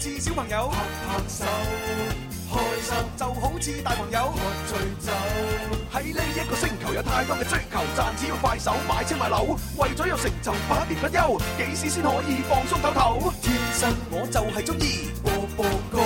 似小朋友拍拍手，開心就好似大朋友喝醉酒。喺呢一個星球有太多嘅追求，賺錢要快手買車買樓，為咗有成就百年不休。幾時先可以放鬆唞唞？天生我就係鍾意播播歌，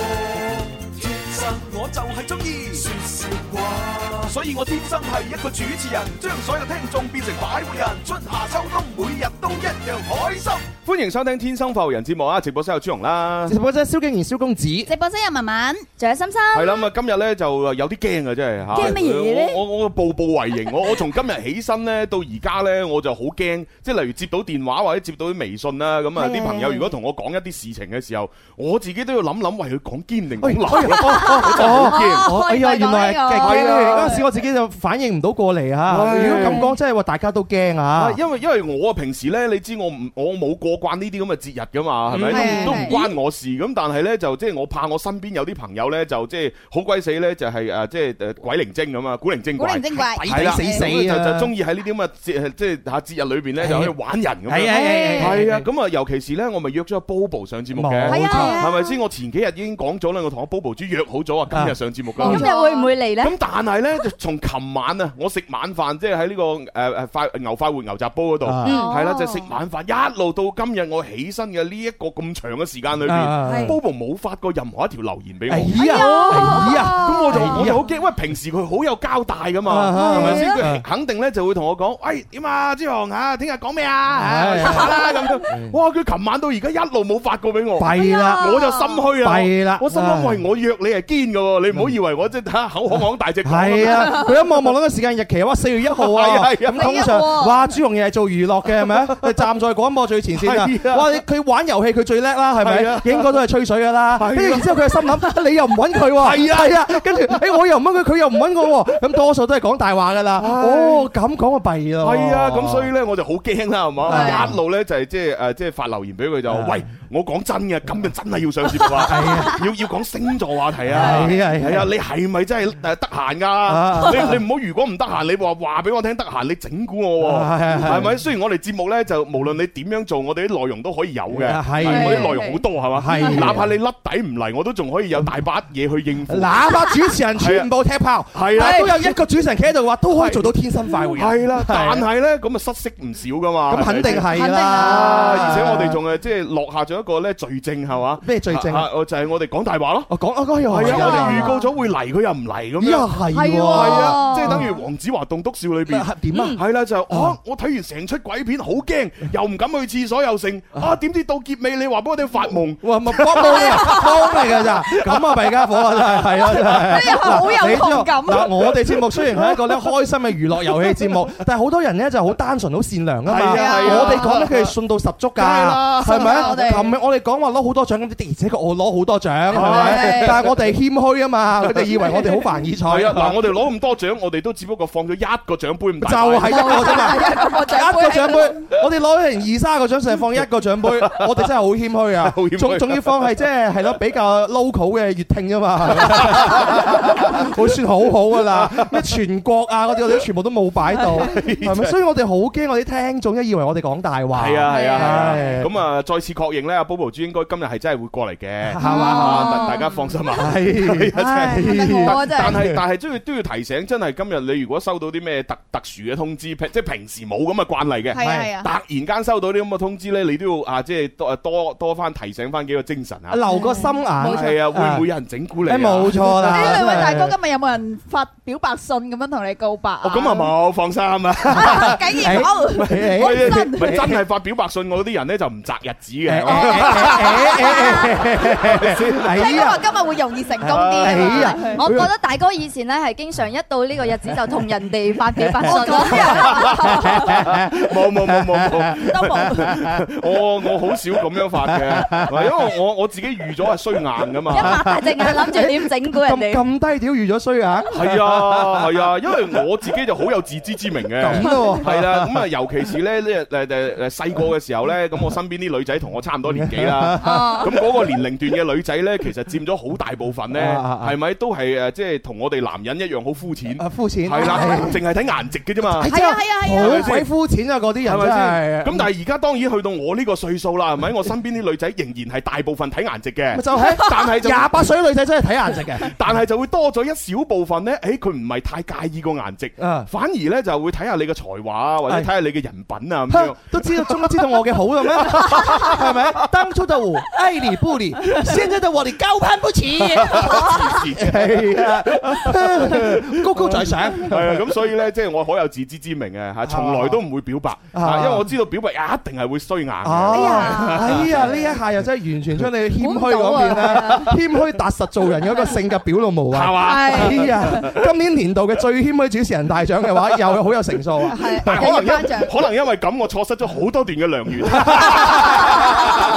天生我就係鍾意説説話。所以我天生係一個主持人，將所有聽眾變成擺活人。春夏秋冬，每日都一樣開心。歡迎收聽天生浮人節目啊！直播室有朱紅啦，直播室蕭敬然蕭公子，直播室有文文，仲有心心。係啦，咁啊今日咧就有啲驚啊，真係吓。驚乜嘢咧？我我，我步步為營， 我我從今日起身咧到而家咧，我就好驚。即係例如接到電話或者接到啲微信啦、啊，咁、嗯、的啊啲朋友如果同我講一啲事情嘅時候，我自己都要諗諗，為佢講堅定講難。哦、哎，哎呀、 啊哎，原來係。嗰陣時我自己就反應唔到過嚟啊。如果咁講，真係話大家都驚啊。因為因為我平時咧，你知我唔我冇過慣呢啲咁嘅節日噶嘛，係咪？都唔關我事咁，但係咧就即係我怕我身邊有啲朋友咧，就即係好鬼死咧，就係誒即係誒鬼靈精咁啊，古靈精怪，鬼死死啊！就就中意喺呢啲咁嘅節即係吓節日裏邊咧，就去玩人咁啊！係啊係啊！咁啊，尤其是咧，我咪約咗個 Bobo 上節目嘅，冇錯，係咪先？我前幾日已經講咗啦，我同 Bobo 主約好咗啊，今日上節目噶，今日會唔會嚟咧？咁但係咧，就從琴晚啊，我食晚飯，即係喺呢個誒誒快牛快活牛雜煲嗰度，係啦，就食晚飯一路到今日我起身嘅呢一個咁長嘅時間裏邊，BoBo 冇發過任何一條留言俾我。係啊，咁我就我就好驚，因為平時佢好有交代噶嘛，係咪先？佢肯定咧就會同我講，喂，點啊，朱紅嚇，聽日講咩啊？係啦，咁樣。哇！佢琴晚到而家一路冇發過俾我，係啦，我就心虛啦，係啦，我心諗：喂，我約你係堅嘅喎，你唔好以為我即係嚇口響大隻。係啊，佢一望望到個時間日期，哇！四月一號啊，咁通常哇，朱紅又係做娛樂嘅係咪啊？佢站在廣播最前線。哇！佢玩遊戲佢最叻啦，係咪？應該都係吹水㗎喇。跟住然之後佢係心諗，你又唔揾佢喎。係啊，跟住誒我又唔揾佢，佢又唔揾我喎。咁多數都係講大話㗎喇。哦，咁講個弊咯。係啊，咁所以咧我就好驚啦，係嘛？一路咧就係即係誒，即係發留言俾佢就喂。我講真嘅，咁就真係要上節目啊！要要講星座話題啊！係啊！你係咪真係得閒噶？你唔好，如果唔得閒，你話話俾我聽得閒，你整蠱我喎！係咪？雖然我哋節目咧，就無論你點樣做，我哋啲內容都可以有嘅。係，我啲內容好多係嘛？係。哪怕你甩底唔嚟，我都仲可以有大把嘢去應付。哪怕主持人全部踢炮，係啊，都有一個主持人企喺度嘅話，都可以做到天生快活嘅。係啦，但係咧咁啊，失色唔少噶嘛。咁肯定係啦。而且我哋仲係即係落下一個咧罪證係嘛？咩罪證？就係我哋講大話咯。講啊講又係啊！我哋預告咗會嚟，佢又唔嚟咁樣。啊係，係啊！即係等於黃子華《棟篤笑》裏邊點啊？係啦，就啊！我睇完成出鬼片，好驚，又唔敢去廁所，又剩啊！點知到結尾你話俾我哋發夢，哇！光光光嚟噶咋？咁啊，弊家伙啊，真係係啊，真係好有代入感。嗱，我哋節目雖然係一個咧開心嘅娛樂遊戲節目，但係好多人咧就好單純、好善良啊嘛。我哋講得，佢係信到十足噶，係咪啊？唔係我哋講話攞好多獎，而且佢我攞好多獎，係咪？但係我哋謙虛啊嘛！佢哋以為我哋好凡爾賽。係啊，嗱，我哋攞咁多獎，我哋都只不過放咗一個獎杯，就係一個啫嘛，一個獎杯。我哋攞成二三個獎，成日放一個獎杯，我哋真係好謙虛啊！仲仲要放係即係係咯比較 local 嘅粵聽啫嘛，會算好好噶啦。咩全國啊嗰啲嗰啲全部都冇擺到，係咪？所以我哋好驚，我哋聽眾一以為我哋講大話。係啊係啊，咁啊再次確認咧。阿 Bobo 豬應該今日係真係會過嚟嘅，係嘛？大家放心啊！係，真係。但係但係都要都要提醒，真係今日你如果收到啲咩特特殊嘅通知，即係平時冇咁嘅慣例嘅，係突然間收到啲咁嘅通知咧，你都要啊，即係多多多翻提醒翻幾個精神啊，留個心眼。係啊，會唔會有人整蠱你？冇錯啦。各位大哥，今日有冇人發表白信咁樣同你告白啊？咁啊冇，放心啊。竟然冇。唔係真係發表白信，我啲人咧就唔擇日子嘅。係啊，因為今日會容易成功啲啊！我覺得大哥以前咧係經常一到呢個日子就同人哋發幾發信。冇冇冇冇都冇。我我好少咁樣發嘅，嗱，因為我我我自己預咗係衰硬噶嘛。一擘大隻眼諗住點整蠱人哋？咁咁低調預咗衰硬？係啊係啊，因為我自己就好有自知之明嘅。咁咯，係啦，咁啊，尤其是咧呢？誒誒誒，細個嘅時候咧，咁我身邊啲女仔同我差唔多。年紀啦，咁嗰個年齡段嘅女仔咧，其實佔咗好大部分咧，係咪都係誒，即係同我哋男人一樣好膚淺，膚淺係啦，淨係睇顏值嘅啫嘛，係啊係啊係啊，鬼膚淺啊嗰啲人係咪先？咁但係而家當然去到我呢個歲數啦，係咪？我身邊啲女仔仍然係大部分睇顏值嘅，就係，但係就廿八歲女仔真係睇顏值嘅，但係就會多咗一小部分咧，誒，佢唔係太介意個顏值，反而咧就會睇下你嘅才華或者睇下你嘅人品啊咁樣，都知道，終於知道我嘅好咁樣？係咪？當初的我愛理不理，現在的我你高攀不起。高高在上，係啊咁，所以咧即係我好有自知之明嘅嚇，從來都唔會表白，因為我知道表白一定係會衰硬嘅。哎呀，哎呀，呢一下又真係完全將你謙虛嗰邊啦，謙虛踏實做人嗰個性格表露無遺。係嘛？哎呀，今年年度嘅最謙虛主持人大獎嘅話，又好有成數。係，可能因為可能因為咁，我錯失咗好多段嘅良緣。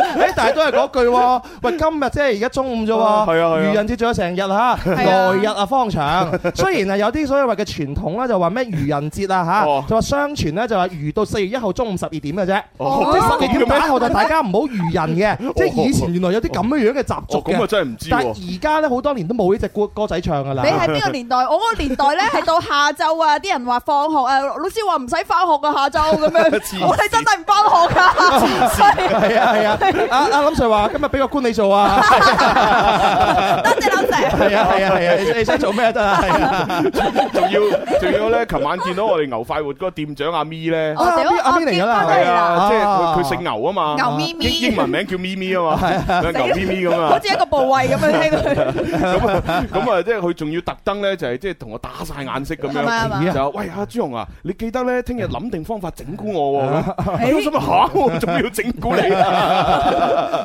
哎， 但係都係嗰句喎。喂，今日即係而家中午啫喎。愚、oh, yeah , yeah. 人節仲有成日嚇，來日啊方長。雖然啊有啲所謂嘅傳統啦，就話咩愚人節啊嚇，就話、oh. 相傳咧就話愚到四月一號中午十二點嘅啫。Oh. 即啲十二點後就大家唔好愚人嘅。Oh. 即係以前原來有啲咁樣樣嘅習俗嘅。哦。咁真係唔知。但係而家咧好多年都冇呢隻歌仔唱㗎啦。你喺邊個年代？我嗰個年代咧係到下晝啊，啲人話放學誒、呃，老師話唔使返學啊，下晝咁樣。我哋真係唔返學㗎。係啊係啊。 阿阿林 Sir 話，今日俾個官你做啊！多謝林 Sir。係啊，係啊，係啊，你想做咩得啦？仲要仲要咧，琴晚見到我哋牛快活嗰個店長阿咪咧，哦，啲阿咪嚟㗎啦，係啊，即係佢佢姓牛啊嘛，牛咪咪，英文名叫咪咪啊嘛，牛咪咪咁啊，好似一個部位咁啊，聽到佢咁啊，咁啊，即係佢仲要特登咧，就係即係同我打晒眼色咁樣，就喂阿朱紅啊，你記得咧，聽日諗定方法整蠱我喎，係啊，咁啊嚇喎，仲要整蠱你。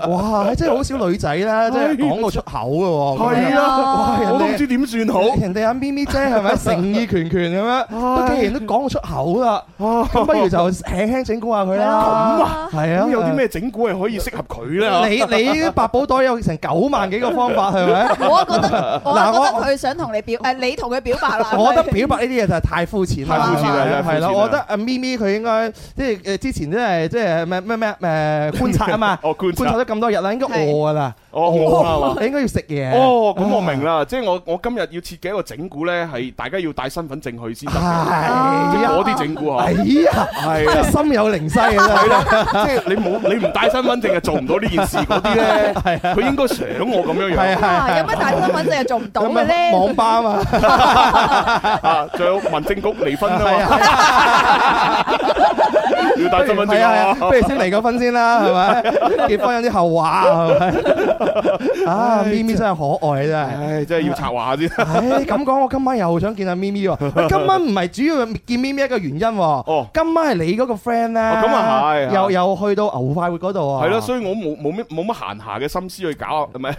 哇！真係好少女仔啦，真係講到出口噶，係啊，我都唔知點算好。人哋阿咪咪姐係咪？誠意拳拳嘅咩？既然都講到出口啦，咁不如就輕輕整蠱下佢啦。咁啊，係啊，咁有啲咩整蠱係可以適合佢咧？你你百寶袋有成九萬幾個方法係咪？我覺得嗱，我覺得佢想同你表誒，你同佢表白啦。我覺得表白呢啲嘢就係太膚淺，太膚淺啦，係啦。我覺得阿咪咪佢應該即係誒，之前即係即係咩咩咩誒觀察啊嘛。啊！觀察咗咁多日啦，應該餓啦，你應該要食嘢。哦，咁我明啦，即係我我今日要設計一個整蠱咧，係大家要帶身份證去先得。係啊，攞啲整蠱嚇。係啊，係心有靈犀啊，真係。即係你冇你唔帶身份證係做唔到呢件事嗰啲咧。係啊，佢應該想我咁樣樣。係係，有乜帶身份證又做唔到嘅咧？網吧嘛。啊，仲有民政局離婚啊嘛。要不如係啊，不如先離個婚先啦，係咪？結婚有啲後話，係咪？啊，咪咪真係可愛，真係，唉，真係要策劃下先。唉，咁講，我今晚又想見阿咪咪喎。今晚唔係主要見咪咪一個原因，哦，今晚係你嗰個 friend 咧。咁啊係，又又去到牛快活嗰度啊。係咯，所以我冇冇咩冇乜閒暇嘅心思去搞，唔係？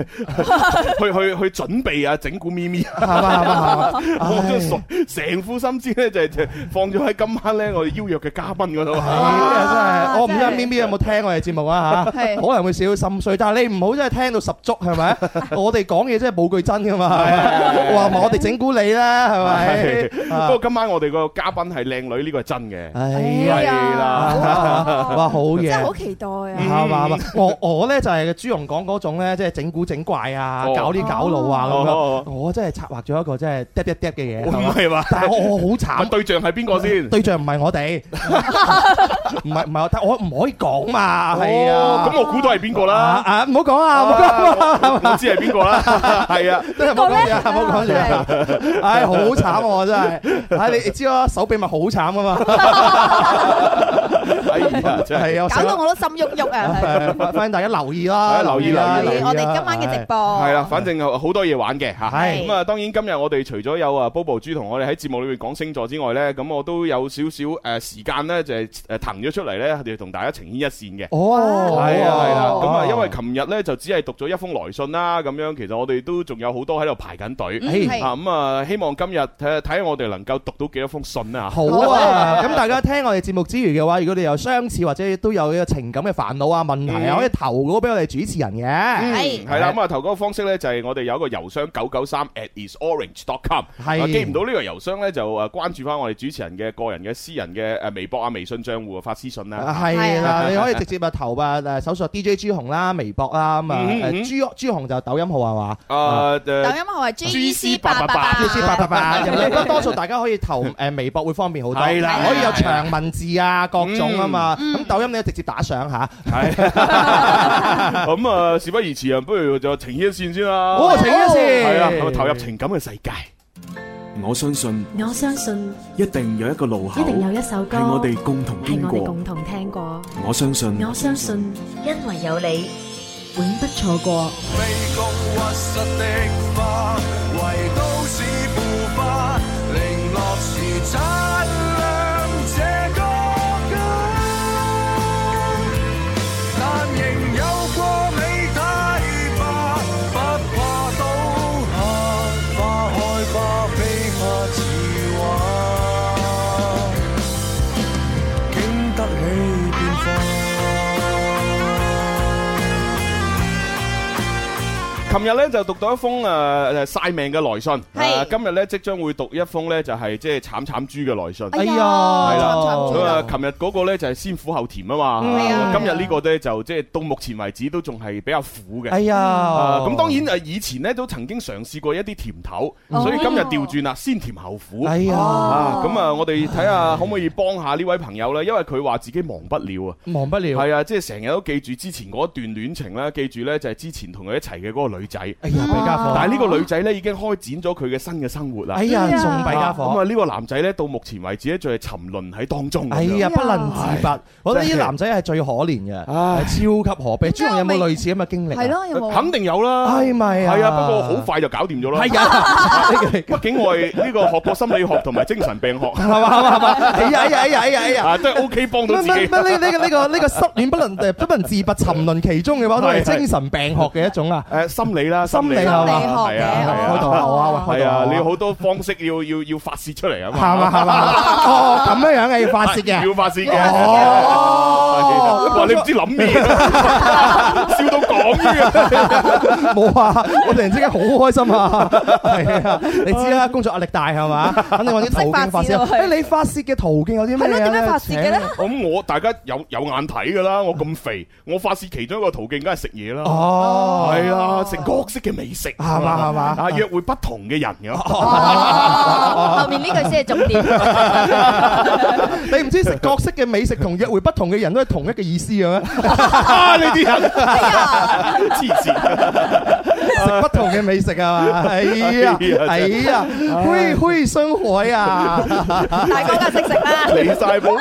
去去去準備啊，整蠱咪咪，係嘛？我真係成副心思咧，就就放咗喺今晚咧，我哋邀約嘅嘉賓嗰度。真係，我唔知咪咪有冇聽我哋節目啊吓，可能會少心碎，但係你唔好真係聽到十足，係咪？我哋講嘢真係冇句真噶嘛，哇！唔係我哋整蠱你啦，係咪？不過今晚我哋個嘉賓係靚女，呢個係真嘅，係啊，哇，好嘢，真係好期待啊！吓嘛吓嘛，我我咧就係朱容講嗰種咧，即係整蠱整怪啊，搞啲搞腦啊咁樣，我真係策劃咗一個真係嗒嗒嗒嘅嘢，唔係嘛？但係我好慘，對象係邊個先？對象唔係我哋。唔係唔係，但我唔可以講嘛，係啊，咁我估到係邊個啦？啊，唔好講啊，唔知係邊個啦，係啊，真係唔好講嘢啊，唔好講嘢啊，唉，好慘我真係，唉，你知啦，手臂咪好慘啊嘛。就係搞到我都心喐喐啊！歡迎大家留意啦，留意留意，我哋今晚嘅直播係啦。反正好多嘢玩嘅嚇，咁啊當然今日我哋除咗有啊 Bobo 豬同我哋喺節目裏面講星座之外咧，咁我都有少少誒時間咧，就係誒騰咗出嚟咧，我哋同大家呈現一線嘅哦，係啊，係啦。咁啊，因為琴日咧就只係讀咗一封來信啦，咁樣其實我哋都仲有好多喺度排緊隊，係啊咁啊，希望今日睇下睇下我哋能夠讀到幾多封信啊！好啊，咁大家聽我哋節目之餘嘅話，如果你有相今次或者都有呢個情感嘅煩惱啊問題啊，可以投稿俾我哋主持人嘅。係，係啦咁啊，投稿方式咧就係我哋有一個郵箱九九三 at is orange dot com。係，記唔到呢個郵箱咧就誒關注翻我哋主持人嘅個人嘅私人嘅誒微博啊微信賬戶啊發私信啦。係啦，你可以直接啊投啊搜索 DJ 朱紅啦微博啊咁啊朱朱紅就抖音號係嘛？誒抖音號係 J C 八八八 J C 八八八。不過多數大家可以投誒微博會方便好多。係啦，可以有長文字啊各種啊嘛。咁抖音你直接打賞吓，咁啊，事不宜遲啊，不如就情牽一綫先啦。我情牽一綫，係咪投入情感嘅世界，我相信我相信一定有一個路口，一定有一首歌係我哋共同係我共同聽過。我，聽過我相信 我相信 因為有你，永不錯過。 condition 琴日咧就讀到一封誒晒命嘅來信，今日咧即將會讀一封咧就係即係慘慘豬嘅來信。哎呀，係啦，咁啊，琴日嗰個咧就係先苦後甜啊嘛，今日呢個咧就即係到目前為止都仲係比較苦嘅。哎呀，咁當然誒以前咧都曾經嘗試過一啲甜頭，所以今日調轉啦，先甜後苦。哎呀，咁啊，我哋睇下可唔可以幫下呢位朋友咧，因為佢話自己忘不了啊，忘不了，係啊，即係成日都記住之前嗰一段戀情啦。記住咧就係之前同佢一齊嘅嗰個女。女仔，哎呀！但係呢個女仔咧已經開展咗佢嘅新嘅生活啦。哎呀！咁啊，呢個男仔咧到目前為止咧仲係沉淪喺當中。哎呀！不能自拔，我覺得呢啲男仔係最可憐嘅，係超級可悲。朱你有冇類似咁嘅經歷？係咯，有冇？肯定有啦。係咪係啊！不過好快就搞掂咗啦。係啊，畢竟我係呢個學過心理學同埋精神病學，係嘛係嘛係嘛。哎呀哎呀哎啊，都係 OK，幫到。乜呢個呢個呢個失戀不能不能自拔沉淪其中嘅話都係精神病學嘅一種啊？誒，心。理啦，心理係啊，係啊，開啊，你好多方式要要要發泄出嚟啊嘛，係嘛，咁樣樣嘅要發泄嘅，要發泄嘅，哦，哇你唔知諗咩，笑到講嘅，冇啊，我突然之間好開心啊，係啊，你知啦，工作壓力大係嘛，肯定揾啲途徑發泄，誒你發泄嘅途徑有啲咩啊？點樣發泄嘅咧？咁我大家有有眼睇㗎啦，我咁肥，我發泄其中一個途徑梗係食嘢啦，哦，係啊，角色嘅美食係嘛係嘛啊，啊約會不同嘅人嘅。後面呢句先係重點 你。你唔知角色嘅美食同約會不同嘅人都係同一個意思嘅咩？呢啲、 啊、人黐線。哎呀 食不同嘅美食啊！嘛，哎呀，哎呀，可以可以生海啊！大哥都識食啦，你晒煲，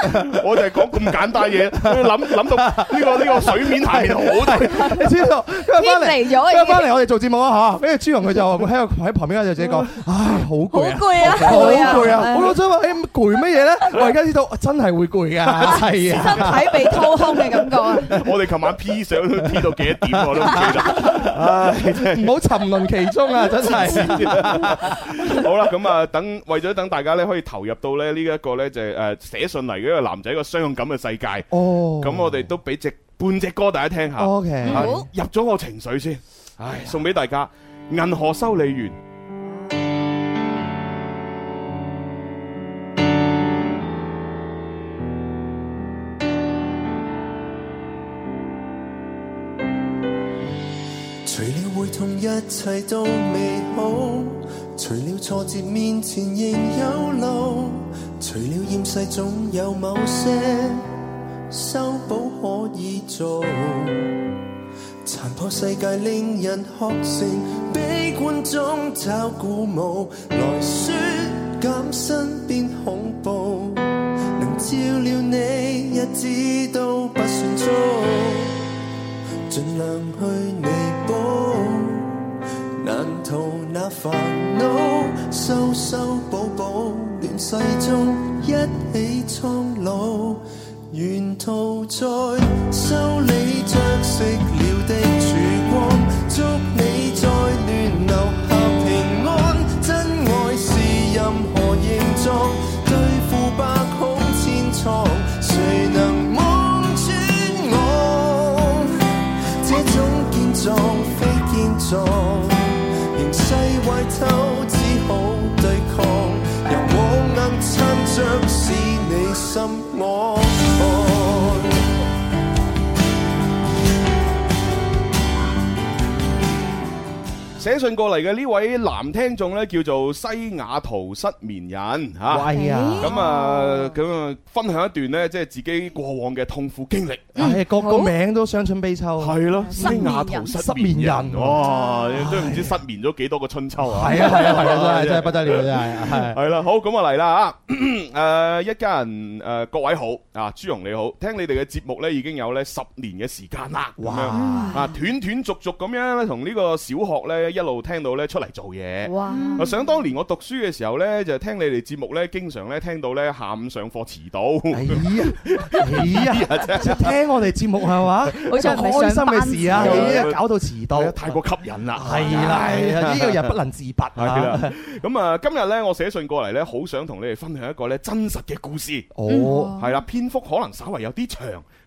我就係講咁簡單嘢，諗諗到呢個呢個水面下好睇，你知道？今日翻嚟，今日翻嚟我哋做節目啊吓，跟住朱紅佢就喺度喺旁邊就自己講：，唉，好攰啊，好攰啊，好攰啊！我老張話：，唉，攰乜嘢咧？我而家知道，真係會攰噶，係啊，身體被掏空嘅感覺啊！我哋琴晚 P 相都 P 到幾多點我都唔知。好沉淪其中啊！真係， 好啦，咁啊，等為咗等大家咧，可以投入到咧呢一個咧，就誒、是、寫、呃、信嚟嘅，一個男仔一個傷感嘅世界。哦、oh.，咁我哋都俾隻半隻歌大家聽下。OK，好，入咗個情緒先。Oh. 唉，送俾大家，銀河修理員。一切都美好，除了挫折面前仍有路，除了厭世總有某些修補可以做。殘破世界令人學成悲觀中找鼓舞，來説減身變恐怖，能照料你日子都不算糟，儘量去。那煩惱修修補補，亂世中一起蒼老，沿途在修理着食料。寫信過嚟嘅呢位男聽眾咧，叫做西雅圖失眠人吓，咁啊咁啊，分享一段咧，即係自己過往嘅痛苦經歷，係個個名都傷春悲秋啊，係咯，西雅圖失眠人，哇，都唔知失眠咗幾多個春秋啊，係啊係啊係啊，真係真係不得了，真係係係啦，好，咁啊嚟啦吓，誒，一家人誒，各位好啊，朱融你好，聽你哋嘅節目咧，已經有咧十年嘅時間啦，哇，啊，斷斷續續咁樣同呢個小學咧。一路聽到咧出嚟做嘢，哇！想當年我讀書嘅時候咧，就聽你哋節目咧，經常咧聽到咧下午上課遲到，哎呀， 哎呀， 聽我哋節目係嘛，好 開心嘅事啊、 哎，搞到遲到，哎、太過吸引啦，係啦、哎呀，呢、哎這個人不能自拔啊。咁、哎這個、啊，哎、今日咧我寫信過嚟咧，好想同你哋分享一個咧真實嘅故事。哦、嗯，係啦、嗯，篇幅可能稍為有啲長。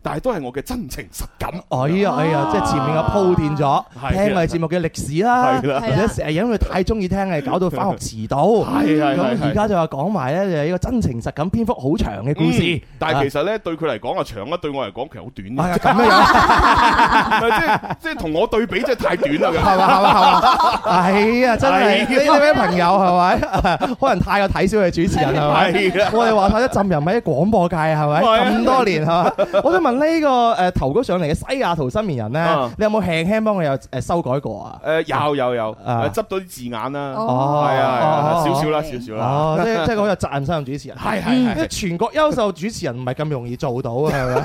但係都係我嘅真情實感，哎呀哎呀，即係前面嘅鋪墊咗，聽埋節目嘅歷史啦，而且成日因為太中意聽，係搞到返學遲到。係係係。而家就話講埋咧，就係一個真情實感篇幅好長嘅故事。但係其實咧，對佢嚟講啊，長啦，對我嚟講，其實好短啲。咁樣樣，即係同我對比，即係太短啦。係嘛係嘛係嘛。哎呀，真係呢位朋友係咪？可能太過睇小佢主持人係咪？我哋話曬一陣人喺廣播界係咪咁多年係嘛？我想問。呢個誒投稿上嚟嘅西雅圖失眠人咧，你有冇輕輕幫佢有誒修改過啊？誒有有有，執到啲字眼啦。哦，係啊，少少啦，少少啦。哦，即係即係好有責任嘅主持人，係係係。全國優秀主持人唔係咁容易做到嘅，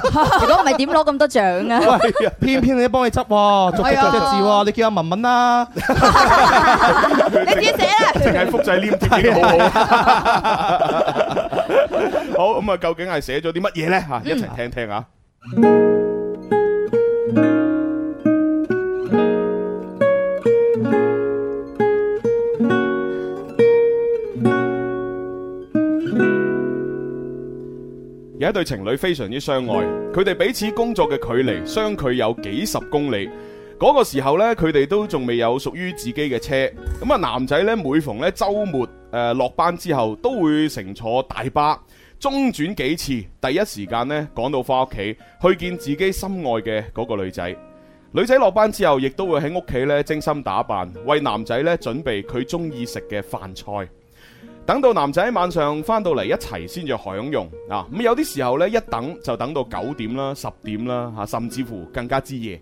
如果唔係點攞咁多獎啊？偏偏你幫佢執，逐字嘅字，你叫阿文文啦。你自己寫啊？淨係複製黏貼幾好啊？好咁啊，究竟係寫咗啲乜嘢咧？嚇，一齊聽聽啊！有一對情侶非常之相愛，佢哋彼此工作嘅距離相距有幾十公里。嗰、那個時候呢，佢哋都仲未有屬於自己嘅車。咁、那、啊、個，男仔呢每逢呢周末誒、呃、落班之後，都會乘坐大巴。中轉幾次，第一時間呢趕到翻屋企，去見自己心愛嘅嗰個女仔。女仔落班之後，亦都會喺屋企呢精心打扮，為男仔呢準備佢中意食嘅飯菜。等到男仔晚上翻到嚟一齊先至享用啊！咁有啲時候呢，一等就等到九點啦、十點啦吓，甚至乎更加之夜。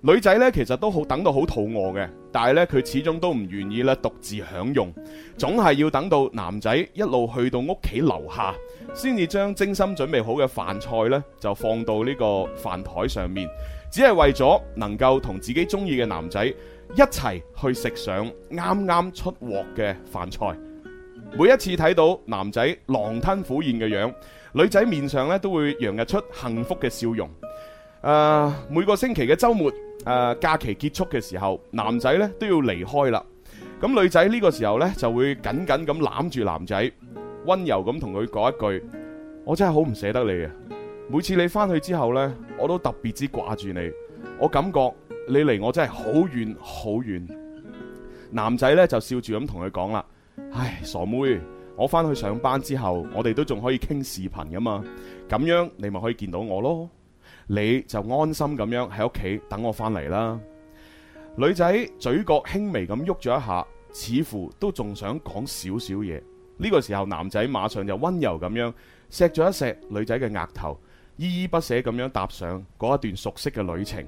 女仔咧，其實都好等到好肚餓嘅，但係咧佢始終都唔願意咧獨自享用，總係要等到男仔一路去到屋企樓下，先至將精心準備好嘅飯菜咧就放到呢個飯台上面，只係為咗能夠同自己中意嘅男仔一齊去食上啱啱出鑊嘅飯菜。每一次睇到男仔狼吞虎嚥嘅樣，女仔面上咧都會洋溢出幸福嘅笑容。誒、呃，每個星期嘅周末。誒，uh, 假期結束嘅時候，男仔咧都要離開啦。咁女仔呢個時候呢，就會緊緊咁攬住男仔，温柔咁同佢講一句：，我真係好唔捨得你啊！每次你翻去之後呢，我都特別之掛住你。我感覺你離我真係好遠好遠。男仔呢，就笑住咁同佢講啦：，唉，傻妹，我翻去上班之後，我哋都仲可以傾視頻噶嘛？咁樣你咪可以見到我咯。你就安心咁樣喺屋企等我返嚟啦。女仔嘴角輕微咁喐咗一下，似乎都仲想講少少嘢。呢個時候，男仔馬上就温柔咁樣錫咗一錫女仔嘅額頭，依依不捨咁樣踏上嗰一段熟悉嘅旅程。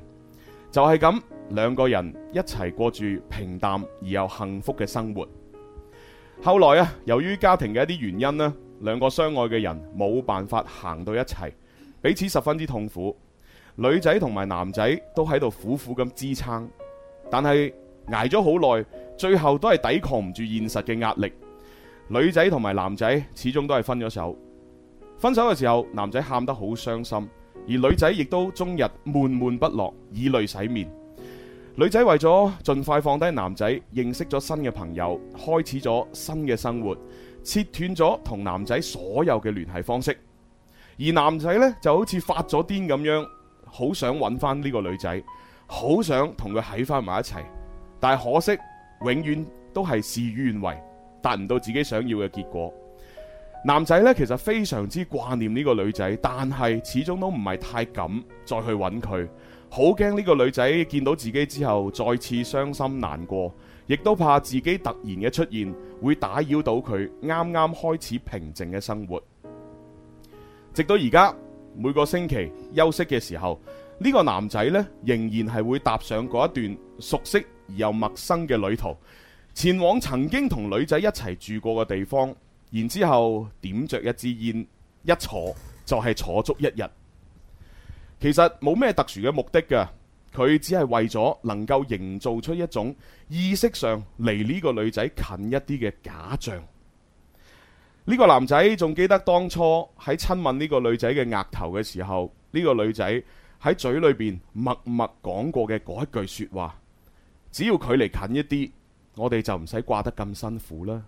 就係咁，兩個人一齊過住平淡而又幸福嘅生活。後來啊，由於家庭嘅一啲原因呢，兩個相愛嘅人冇辦法行到一齊，彼此十分之痛苦。女仔同埋男仔都喺度苦苦咁支撐，但係捱咗好耐，最後都係抵抗唔住現實嘅壓力。女仔同埋男仔始終都係分咗手。分手嘅時候，男仔喊得好傷心，而女仔亦都終日悶悶不樂，以淚洗面。女仔為咗盡快放低男仔，認識咗新嘅朋友，開始咗新嘅生活，切斷咗同男仔所有嘅聯繫方式。而男仔呢，就好似發咗癲咁樣。好想揾翻呢個女仔，好想同佢喺翻埋一齊，但係可惜永遠都係事與願違，達唔到自己想要嘅結果。男仔呢，其實非常之掛念呢個女仔，但係始終都唔係太敢再去揾佢，好驚呢個女仔見到自己之後再次傷心難過，亦都怕自己突然嘅出現會打擾到佢啱啱開始平靜嘅生活。直到而家。每個星期休息嘅時候，呢個男仔呢仍然係會踏上嗰一段熟悉而又陌生嘅旅途，前往曾經同女仔一齊住過嘅地方，然之後點著一支煙，一坐就係坐足一日。其實冇咩特殊嘅目的噶，佢只係為咗能夠營造出一種意識上離呢個女仔近一啲嘅假象。呢個男仔仲記得當初喺親吻呢個女仔嘅額頭嘅時候，呢個女仔喺嘴裏邊默默講過嘅嗰一句說話。只要距離近一啲，我哋就唔使掛得咁辛苦啦。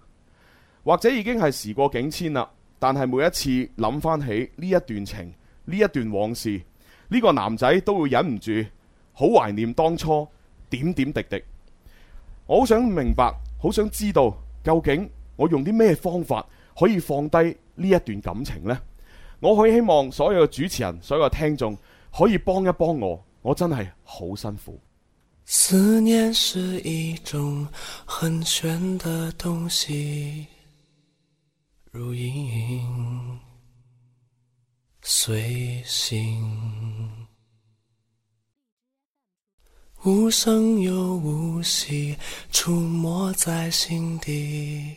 或者已經係時過境遷啦，但係每一次諗翻起呢一段情，呢一段往事，呢個男仔都會忍唔住好懷念當初點點滴滴。我好想明白，好想知道究竟我用啲咩方法，可以放低呢一段感情呢，我好希望所有嘅主持人、所有嘅聽眾可以幫一幫我，我真係好辛苦。思念是一種很玄的東西，如影隨形，無聲又無息，出沒在心底。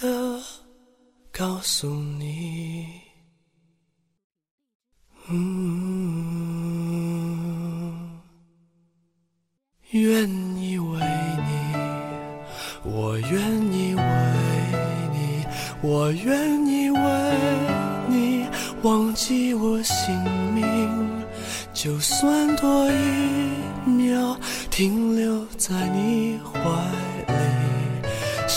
的，告訴你，嗯，願意為你，我願意為你，我願意為你，忘記我姓名，就算多一秒，停留在你懷。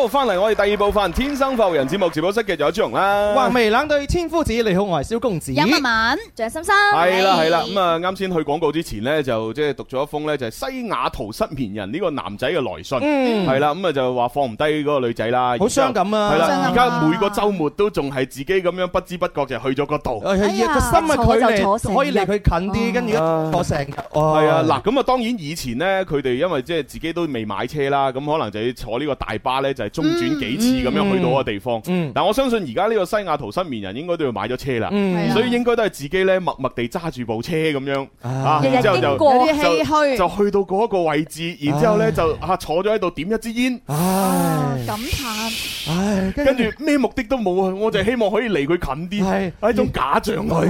好翻嚟我哋第二部分《天生浮人節》節目直播室嘅就有朱蓉啦。哇！橫眉冷對千夫指，你好，我係蕭公子。有文文，仲有心心。係啦了，係啦、哎。咁、嗯、啊，啱先去廣告之前呢，就即係讀咗一封呢，就係、是、西雅圖失眠人呢個男仔嘅來信。嗯。係啦，咁啊就話放唔低嗰個女仔啦。好傷感啊！係啦，而家、啊、每個週末都仲係自己咁樣不知不覺就去咗嗰度。哎呀！哎呀心啊，佢咧可以離佢近啲，跟住、哦、坐成日。係啊，嗱，咁、嗯、啊，當然以前呢，佢哋因為即係自己都未買車啦，咁可能就要坐呢個大巴咧，就是。中轉幾次咁樣去到個地方，但我相信而家呢個西雅圖失眠人應該都要買咗車啦，所以應該都係自己咧默默地揸住部車咁樣，啊，然之後就啲唏噓就去到嗰一個位置，然之後咧就啊坐咗喺度點一支煙，唉，感嘆，唉，跟住咩目的都冇啊，我就希望可以離佢近啲，係一種假象嚟。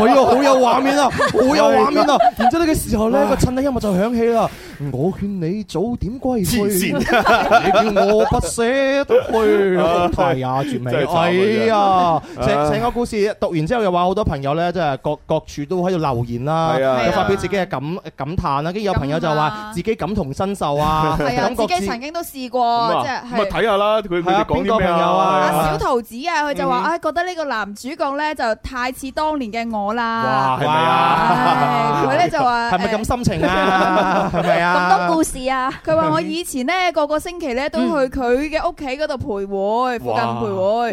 我依好有畫面啊，好有畫面啊，然之後呢個時候咧，個襯底音樂就響起啦，我勸你早點歸去。黐線，你我不捨得去啊！係啊，絕未睇啊！請請個故事讀完之後又話好多朋友咧，即係各各處都喺度留言啦，又 發表自己嘅感感嘆啦。跟住有朋友就話自己感同身受啊，係啊、 嗯，自己曾經都試過。即係咪睇下啦，佢佢哋講啲咩啊？阿小桃子啊，佢就話啊，嗯、覺得呢個男主角咧就太似當年嘅我啦。哇，係咪啊？佢咧、 欸、就話係咪咁心情啊？係咪 啊？咁 多故事啊！佢話我以前呢，個個星期咧都去。佢嘅屋企嗰度徘徊，附近徘徊，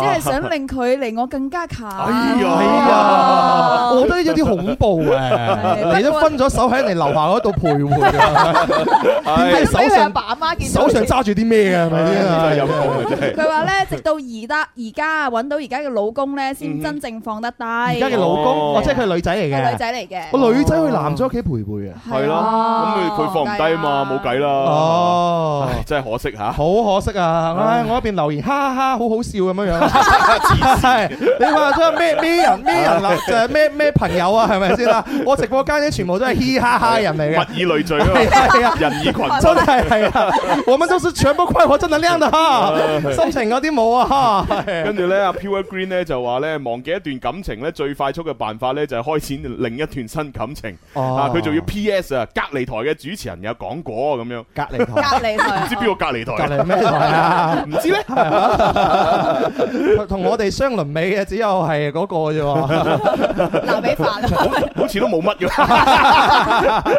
即係想令佢離我更加近。哎呀，我覺得有啲恐怖啊！嚟都分咗手，喺你樓下嗰度徘徊。手上爸手上揸住啲咩啊？嘅？佢話咧，直到而家而家揾到而家嘅老公咧，先真正放得低。而家嘅老公，或者佢係女仔嚟嘅。女仔嚟嘅。個女仔去男仔屋企徘徊啊，係咯。咁佢放唔低啊嘛，冇計啦。哦，真係可惜嚇。好可惜啊！我一邊留言，哈哈，好好笑咁樣樣。你話真係咩咩人咩人就係咩咩朋友啊？係咪先啦？我直播間啲全部都係嘻哈哈人嚟嘅。物以類聚啊，人以羣。真係係啊！我們都是全部快活正能量的心情嗰啲冇啊。跟住咧，pure green 咧就話咧，忘記一段感情咧，最快速嘅辦法咧就係開始另一段新感情。啊，佢仲要 P.S. 啊，隔離台嘅主持人有講過咁樣。隔離台，隔離唔知邊個隔離台嚟咩台啊？唔知咧，同我哋相鄰尾嘅只有係嗰個啫。留俾法啦，好，好似都冇乜嘅，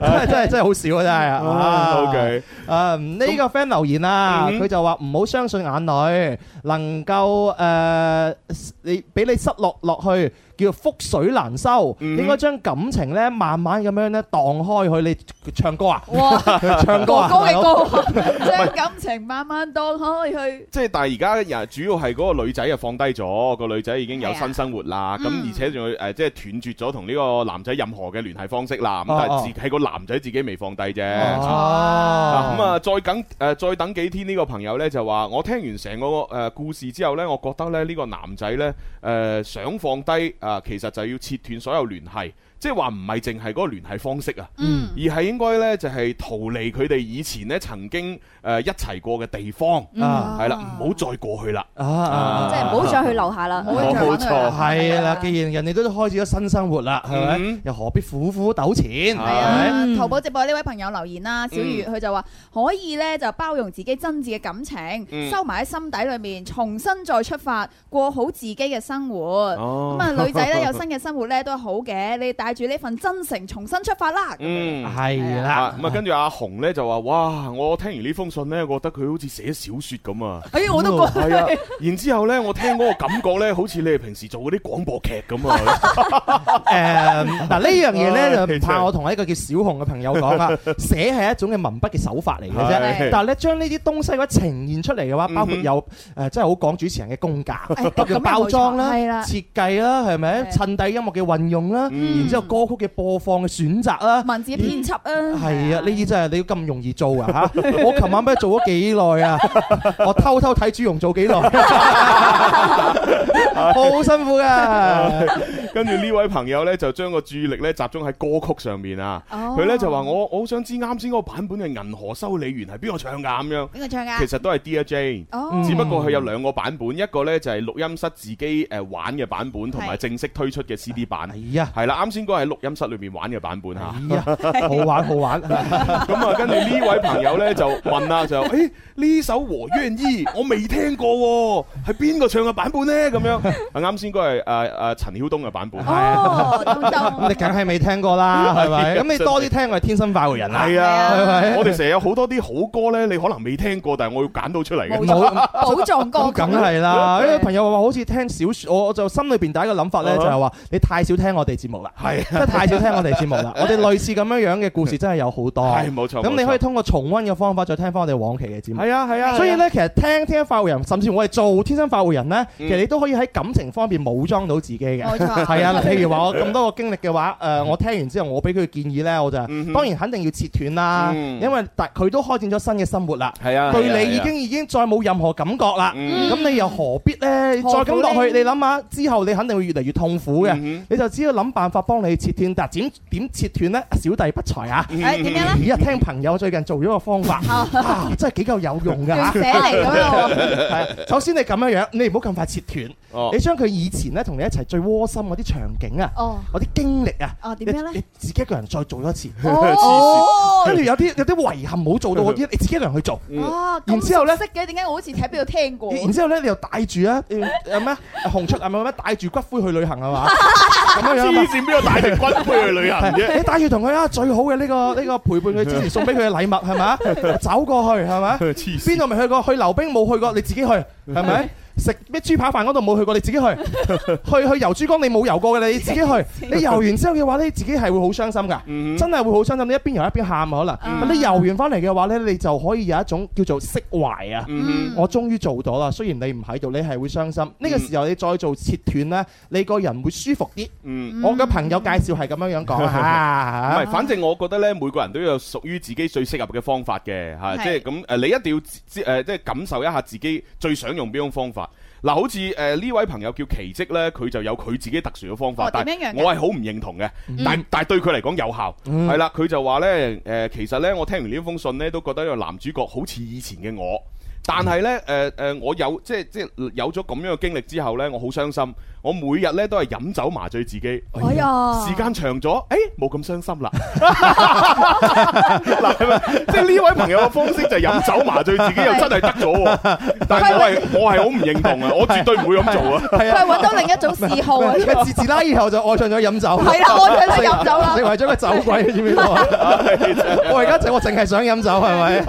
真係真係真係好少啊！真係。O K，啊呢個 friend 留言啦，佢就話唔好相信眼淚，能夠誒，你俾你失落落去。叫覆水難收，應該將感情咧慢慢咁樣咧蕩開去。你唱歌啊？哇！唱歌啊！哥哥嘅歌，將感情慢慢蕩開去。即係但係而家主要係嗰個女仔啊放低咗，個女仔已經有新生活啦。咁、啊、而且仲要誒即係斷絕咗同呢個男仔任何嘅聯繫方式啦。咁、啊啊、但係自係個男仔自己未放低啫。咁啊、啊、啊，再等誒再等幾天呢個朋友呢，就話我聽完成個誒故事之後呢，我覺得咧呢個男仔呢，誒想放低。啊，其實就要切斷所有聯繫。即係話唔係淨係嗰個聯繫方式啊，而係應該咧就係逃離佢哋以前咧曾經誒一齊過嘅地方啊，係啦，唔好再過去啦啊，即係唔好再去樓下啦，冇錯，係啦，既然人哋都開始咗新生活啦，係咪？又何必苦苦糾纏？係啊，淘寶直播呢位朋友留言啦，小雨佢就話可以咧就包容自己真摯嘅感情，收埋喺心底裏面，重新再出發，過好自己嘅生活。咁啊，女仔咧有新嘅生活咧都好嘅，你住呢份真誠，重新出發啦！嗯，係啦。咁啊，跟住阿紅咧就話：，哇！我聽完呢封信咧，覺得佢好似寫小說咁啊。哎，我都覺得係啊。然之後咧，我聽嗰個感覺咧，好似你哋平時做嗰啲廣播劇咁啊。誒，嗱，呢樣嘢咧就唔怕，我同一個叫小紅嘅朋友講啊。寫係一種嘅文筆嘅手法嚟嘅啫。但係咧，將呢啲東西如果呈現出嚟嘅話，包括有誒，真係好講主持人嘅功架，包括包裝啦、設計啦，係咪？襯底音樂嘅運用啦，然之後。歌曲嘅播放嘅選擇啦，文字編輯啊，係啊，呢啲真係你要咁容易做啊嚇！我琴晚畀你做咗幾耐啊？我偷偷睇朱蓉做幾耐，好辛苦噶。跟住呢位朋友呢，就將個注意力咧集中喺歌曲上面啊。佢呢就話：我我好想知啱先嗰個版本嘅《銀河修理員》係邊個唱㗎？咁樣邊個唱㗎？其實都係 Dear Jane，只不過佢有兩個版本，一個呢就係錄音室自己誒玩嘅版本，同埋正式推出嘅 CD 版。係啊，係啦，啱先，都係錄音室裏邊玩嘅版本嚇，好玩好玩。咁啊，跟住呢位朋友咧就問啦，就誒呢首《和冤衣》我未聽過喎，係邊個唱嘅版本咧？咁樣啱先嗰係誒誒陳曉東嘅版本，係啊，你梗係未聽過啦，係咪？咁你多啲聽我《天生快活人》啦，係啊，我哋成日有好多啲好歌咧，你可能未聽過，但係我要揀到出嚟嘅，寶藏歌，梗係啦。呢位朋友話好似聽小說，我我就心裏邊第一個諗法咧就係話你太少聽我哋節目啦，即係太少聽我哋節目啦！我哋類似咁樣樣嘅故事真係有好多，係冇錯。咁你可以通過重温嘅方法再聽翻我哋往期嘅節目。係啊，係啊。所以呢，其實聽聽發護人，甚至我哋做天生發護人呢，其實你都可以喺感情方面武裝到自己嘅。冇錯，係啊。譬如話我咁多個經歷嘅話，誒，我聽完之後，我俾佢建議呢，我就當然肯定要切斷啦。因為佢都開展咗新嘅生活啦。係啊。對你已經已經再冇任何感覺啦。咁你又何必呢？再咁落去，你諗下之後，你肯定會越嚟越痛苦嘅。你就只要諗辦法幫，你切斷，但點點切斷咧？小弟不才啊，點樣咧？而家聽朋友最近做咗個方法，真係幾夠有用噶寫嚟咁樣。係首先你咁樣樣，你唔好咁快切斷，你將佢以前咧，同你一齊最窩心嗰啲場景啊，哦，嗰啲經歷啊，哦，點樣咧？你自己一個人再做一次，跟住有啲有啲遺憾冇做到啲，你自己一個人去做，然之後咧，識嘅？點解我好似喺邊度聽過？然之後咧，你又帶住啊，有咩熊出啊？有咩帶住骨灰去旅行係嘛？黐線邊 帶定軍隊去旅行，你帶住同佢啊最好嘅呢個呢個陪伴佢之前送俾佢嘅禮物係咪啊？走過去係咪？邊度未去過？去溜冰冇去過，你自己去係咪？食咩豬扒飯嗰度冇去過，你自己去。去去游珠江你冇游過嘅，你自己去。你游完之後嘅話咧，你自己係會好傷心㗎，真係會好傷心。你一邊游一邊喊可能。咁你游完翻嚟嘅話呢，你就可以有一種叫做釋懷啊。我終於做到啦，雖然你唔喺度，你係會傷心。呢個時候你再做切斷呢，你個人會舒服啲。嗯。我嘅朋友介紹係咁樣樣講啊。唔係，反正我覺得咧，每個人都有屬於自己最適合嘅方法嘅嚇，即係咁誒，你一定要誒即係感受一下自己最想用邊種方法。嗱，好似誒呢位朋友叫奇蹟呢，佢就有佢自己特殊嘅方法，哦、但係我係好唔認同嘅、嗯。但係但係對佢嚟講有效，係啦、嗯。佢就話呢，誒、呃，其實呢，我聽完呢封信呢，都覺得呢個男主角好似以前嘅我，但係呢，誒、呃、誒，我有即係即係有咗咁樣嘅經歷之後呢，我好傷心。我每日咧都係飲酒麻醉自己。哎呀，時間長咗，誒冇咁傷心啦。嗱，即係呢位朋友嘅方式就係飲酒麻醉自己，又真係得咗。但係我係我係好唔認同啊！我絕對唔會咁做啊！佢係揾到另一種嗜好啊！自自拉以後就愛上咗飲酒。係啦，愛上咗飲酒啦，成為咗個酒鬼，知唔知啊？我而家就我淨係想飲酒，係咪？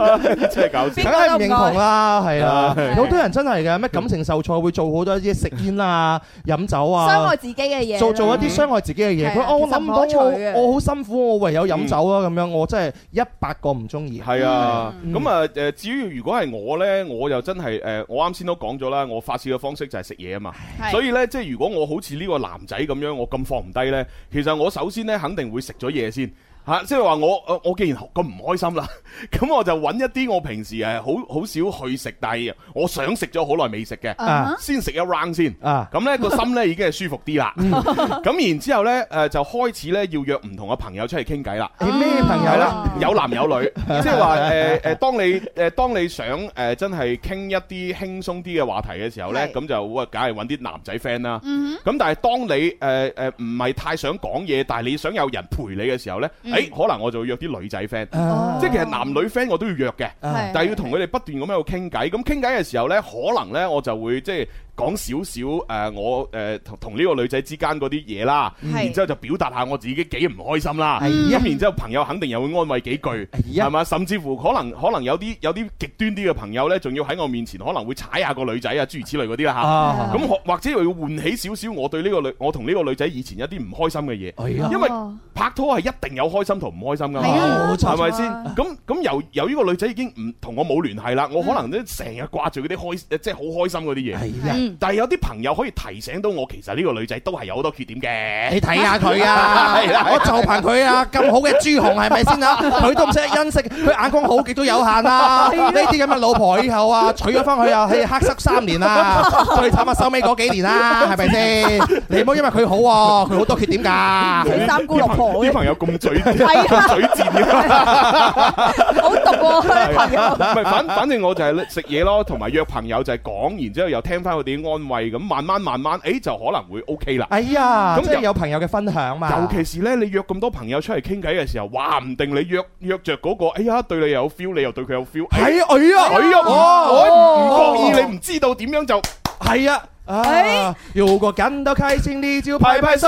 真係搞笑！邊個唔認同啊？係啊，好多人真係嘅，咩感情受挫會做好多啲食煙啊，飲酒啊，傷害自己嘅嘢，做做一啲傷害自己嘅嘢。佢哦，我諗唔到我，我好辛苦，我唯有飲酒啊，咁、嗯、樣我真係一百個唔中意。係啊的，咁啊誒，的嗯、至於如果係我呢，我又真係誒，我啱先都講咗啦，我發泄嘅方式就係食嘢啊嘛。的所以呢，即係如果我好似呢個男仔咁樣，我咁放唔低呢，其實我首先呢，肯定會食咗嘢先。吓，即係話我，我既然咁唔開心啦，咁、嗯、我就揾一啲我平時誒好好少去食，但係我想食咗好耐未食嘅，uh huh. 先食一 round 先。咁、uh huh. 呢個心呢已經係舒服啲啦。咁 然之後咧，誒就開始呢要約唔同嘅朋友出嚟傾偈啦。咩朋友咧？有男有女。即係話誒誒，當你誒、呃、當你想誒、呃、真係傾一啲輕鬆啲嘅話題嘅時候呢，咁、uh huh. 就梗係揾啲男仔 friend 啦。咁、uh huh. 但係當你誒誒唔係太想講嘢，但係你想有人陪你嘅時候呢。誒、欸、可能我就會約啲女仔 friend，哦、即係其實男女 friend 我都要約嘅，但係、哦、要同佢哋不斷咁喺度傾偈。咁傾偈嘅時候呢，可能呢我就會即係。講少少誒，我誒同同呢個女仔之間嗰啲嘢啦，然之後就表達下我自己幾唔開心啦。咁然之後朋友肯定又會安慰幾句，係嘛？甚至乎可能可能有啲有啲極端啲嘅朋友呢，仲要喺我面前可能會踩下個女仔啊，諸如此類嗰啲啦嚇。咁或者又要喚起少少我對呢個女，我同呢個女仔以前有啲唔開心嘅嘢。因為拍拖係一定有開心同唔開心㗎嘛，係咪先？咁咁由由於個女仔已經唔同我冇聯繫啦，我可能都成日掛住嗰啲開，即係好開心嗰啲嘢。但係有啲朋友可以提醒到我，其實呢個女仔都係有好多缺點嘅。你睇下佢啊，我就憑佢啊咁好嘅朱紅係咪先啊？佢都唔識欣賞，佢眼光好極都有限啦。呢啲咁嘅老婆以後啊，娶咗翻去又係黑塞三年啦。最慘啊，收尾嗰幾年啦，係咪先？你唔好因為佢好，佢好多缺點㗎。你擔顧老婆啲朋友咁嘴，係啊，嘴賤啊！好毒喎，朋友。唔係反反正我就係食嘢咯，同埋約朋友就係講，然之後又聽翻佢點。安慰咁慢慢慢慢，誒就可能會 OK 啦。哎呀，咁即係有朋友嘅分享嘛。尤其是呢，你約咁多朋友出嚟傾偈嘅時候，話唔定你約約着嗰個，哎呀，對你又有 feel，你又對佢有 feel。係呀，哎呀，哎呀，哦，唔覺意你唔知道點樣就係呀。啊！如果感到開心，你就拍拍手；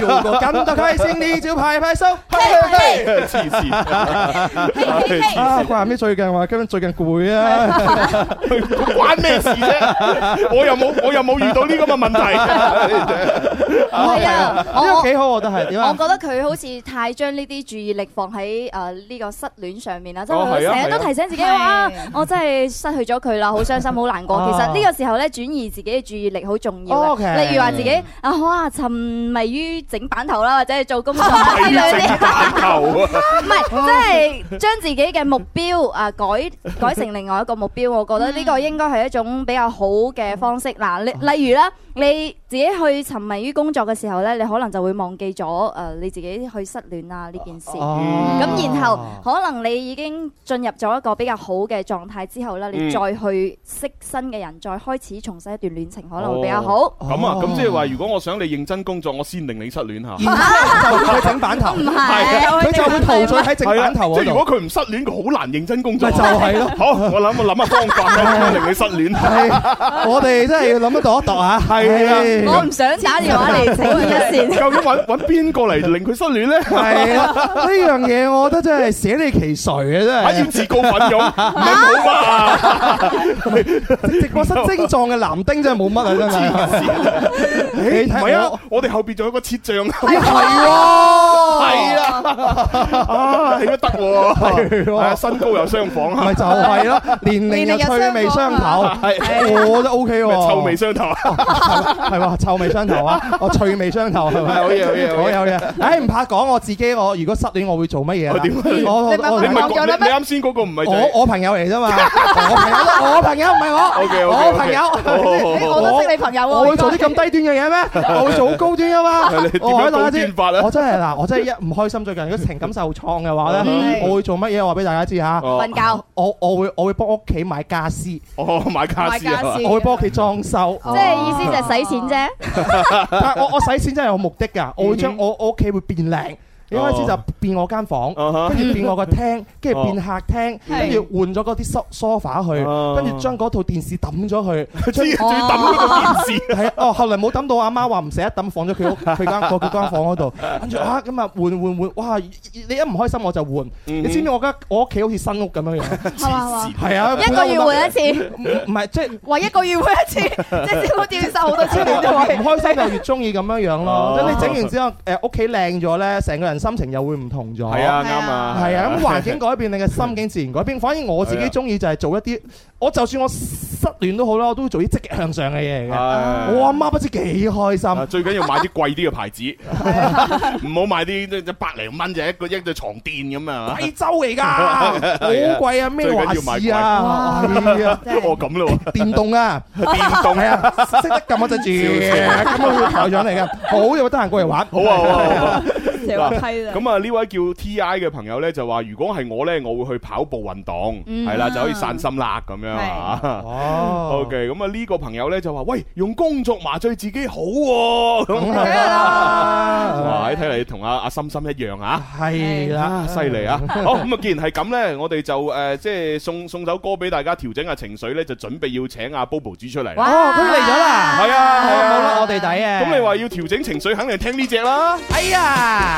如果感到開心，你就拍拍手。黐線！關咩最近？我今日最近攰啊！關咩事啫？我又冇我又冇遇到呢個嘅問題。唔係啊，呢個幾好我都係。我覺得佢好似太將呢啲注意力放喺誒呢個失戀上面啦，即係佢成日都提醒自己話：我真係失去咗佢啦，好傷心，好難過。其實呢個時候咧，轉移自己嘅注意力好重要，Okay. 例如話自己啊，哇，沉迷於整板頭啦，或者係做工作，之類啲。唔係， 即係將自己嘅目標啊改改成另外一個目標， 我覺得呢個應該係一種比較好嘅方式。嗱，例例如啦。你自己去沉迷於工作嘅時候咧，你可能就會忘記咗誒你自己去失戀啊呢件事。咁然後可能你已經進入咗一個比較好嘅狀態之後咧，你再去識新嘅人，再開始重新一段戀情，可能會比較好。咁啊，咁即係話，如果我想你認真工作，我先令你失戀嚇，然之後就去整板頭。唔係嘅，佢就會陶醉喺整板頭嗰度。即係如果佢唔失戀，佢好難認真工作。咪就係咯。好，我諗我諗下方法咧，令你失戀。我哋真係要諗一度一度嚇，係。我唔想打電話嚟斷一線。究竟揾揾邊個嚟令佢失戀咧？係啊，呢樣嘢我覺得真係捨我其誰嘅真係。啊，要自告奮勇，你冇嘛？直過身精壯嘅男丁真係冇乜啊！真係。黐線，唔係啊！我哋後邊仲有個切醬。係喎，係啊，應該得喎。係喎，身高又相仿，咪就係咯，年齡又趣味相投，係我覺得 OK 喎。臭味相投啊！係喎，臭味相投啊！我趣味相投，係咪？好嘢，好嘢，我有嘢。誒，唔怕講我自己，我如果失戀，我會做乜嘢啦？你啱先嗰個唔係我，我朋友嚟啫嘛。我朋友，我朋友唔係我。O K 我朋友，我都識你朋友喎。我會做啲咁低端嘅嘢咩？我會做好高端啊嘛。我可以講下我真係嗱，我真係一唔開心，最近如果情感受創嘅話咧，我會做乜嘢？我話俾大家知嚇。瞓覺。我我會我會幫屋企買家私。哦，買傢俬我會幫屋企裝修。即係意思使錢啫， 但我我使錢真係有目的噶。 我會將我我屋企會變靚。一開始就變我間房，跟住變我個廳，跟住變客廳，跟住換咗嗰啲梳 o s 去，跟住將嗰套電視抌咗去，佢最最抌呢個電視。係哦，後嚟冇抌到，阿媽話唔捨得抌，放咗佢屋佢間嗰房嗰度。跟住啊咁啊換換換，哇！你一唔開心我就換。你知唔知我而家我屋企好似新屋咁樣樣？黐線！係啊，一個月換一次。唔係即係話一個月換一次，即係要丟曬好多次。唔開心就越中意咁樣樣咯。等你整完之後，誒屋企靚咗咧，成個人。心情又會唔同咗。係啊，啱啊。係啊，咁環境改變，你嘅心境自然改變。反而我自己中意就係做一啲，我就算我失戀都好啦，我都會做啲積極向上嘅嘢嘅。我阿媽不知幾開心。最緊要買啲貴啲嘅牌子，唔好買啲即百零蚊就一個一張床墊咁啊。貴州嚟噶好貴啊，咩牌子啊？最緊要買貴啊！我咁咯，電動啊，電動係啊，識得撳嗰隻鍵，咁我係頭上嚟嘅。好有得閒過嚟玩，好啊，好啊。咁啊，呢位叫 T I 嘅朋友咧，就話如果係我咧，我會去跑步運動係啦，就可以散心啦咁樣啊，哦 O K。咁啊，呢個朋友咧，就話，喂用工作麻醉自己好。咁啊，哇，睇嚟同阿阿心心一樣啊，係啦犀利啊，好。咁啊，既然係咁咧，我哋就誒，即係送送首歌俾大家調整下情緒咧，就準備要請阿 Bobo 豬出嚟。哦，佢嚟咗啦，係啊，好啦，我哋抵啊，咁你話要調整情緒肯定聽呢隻啦，哎呀。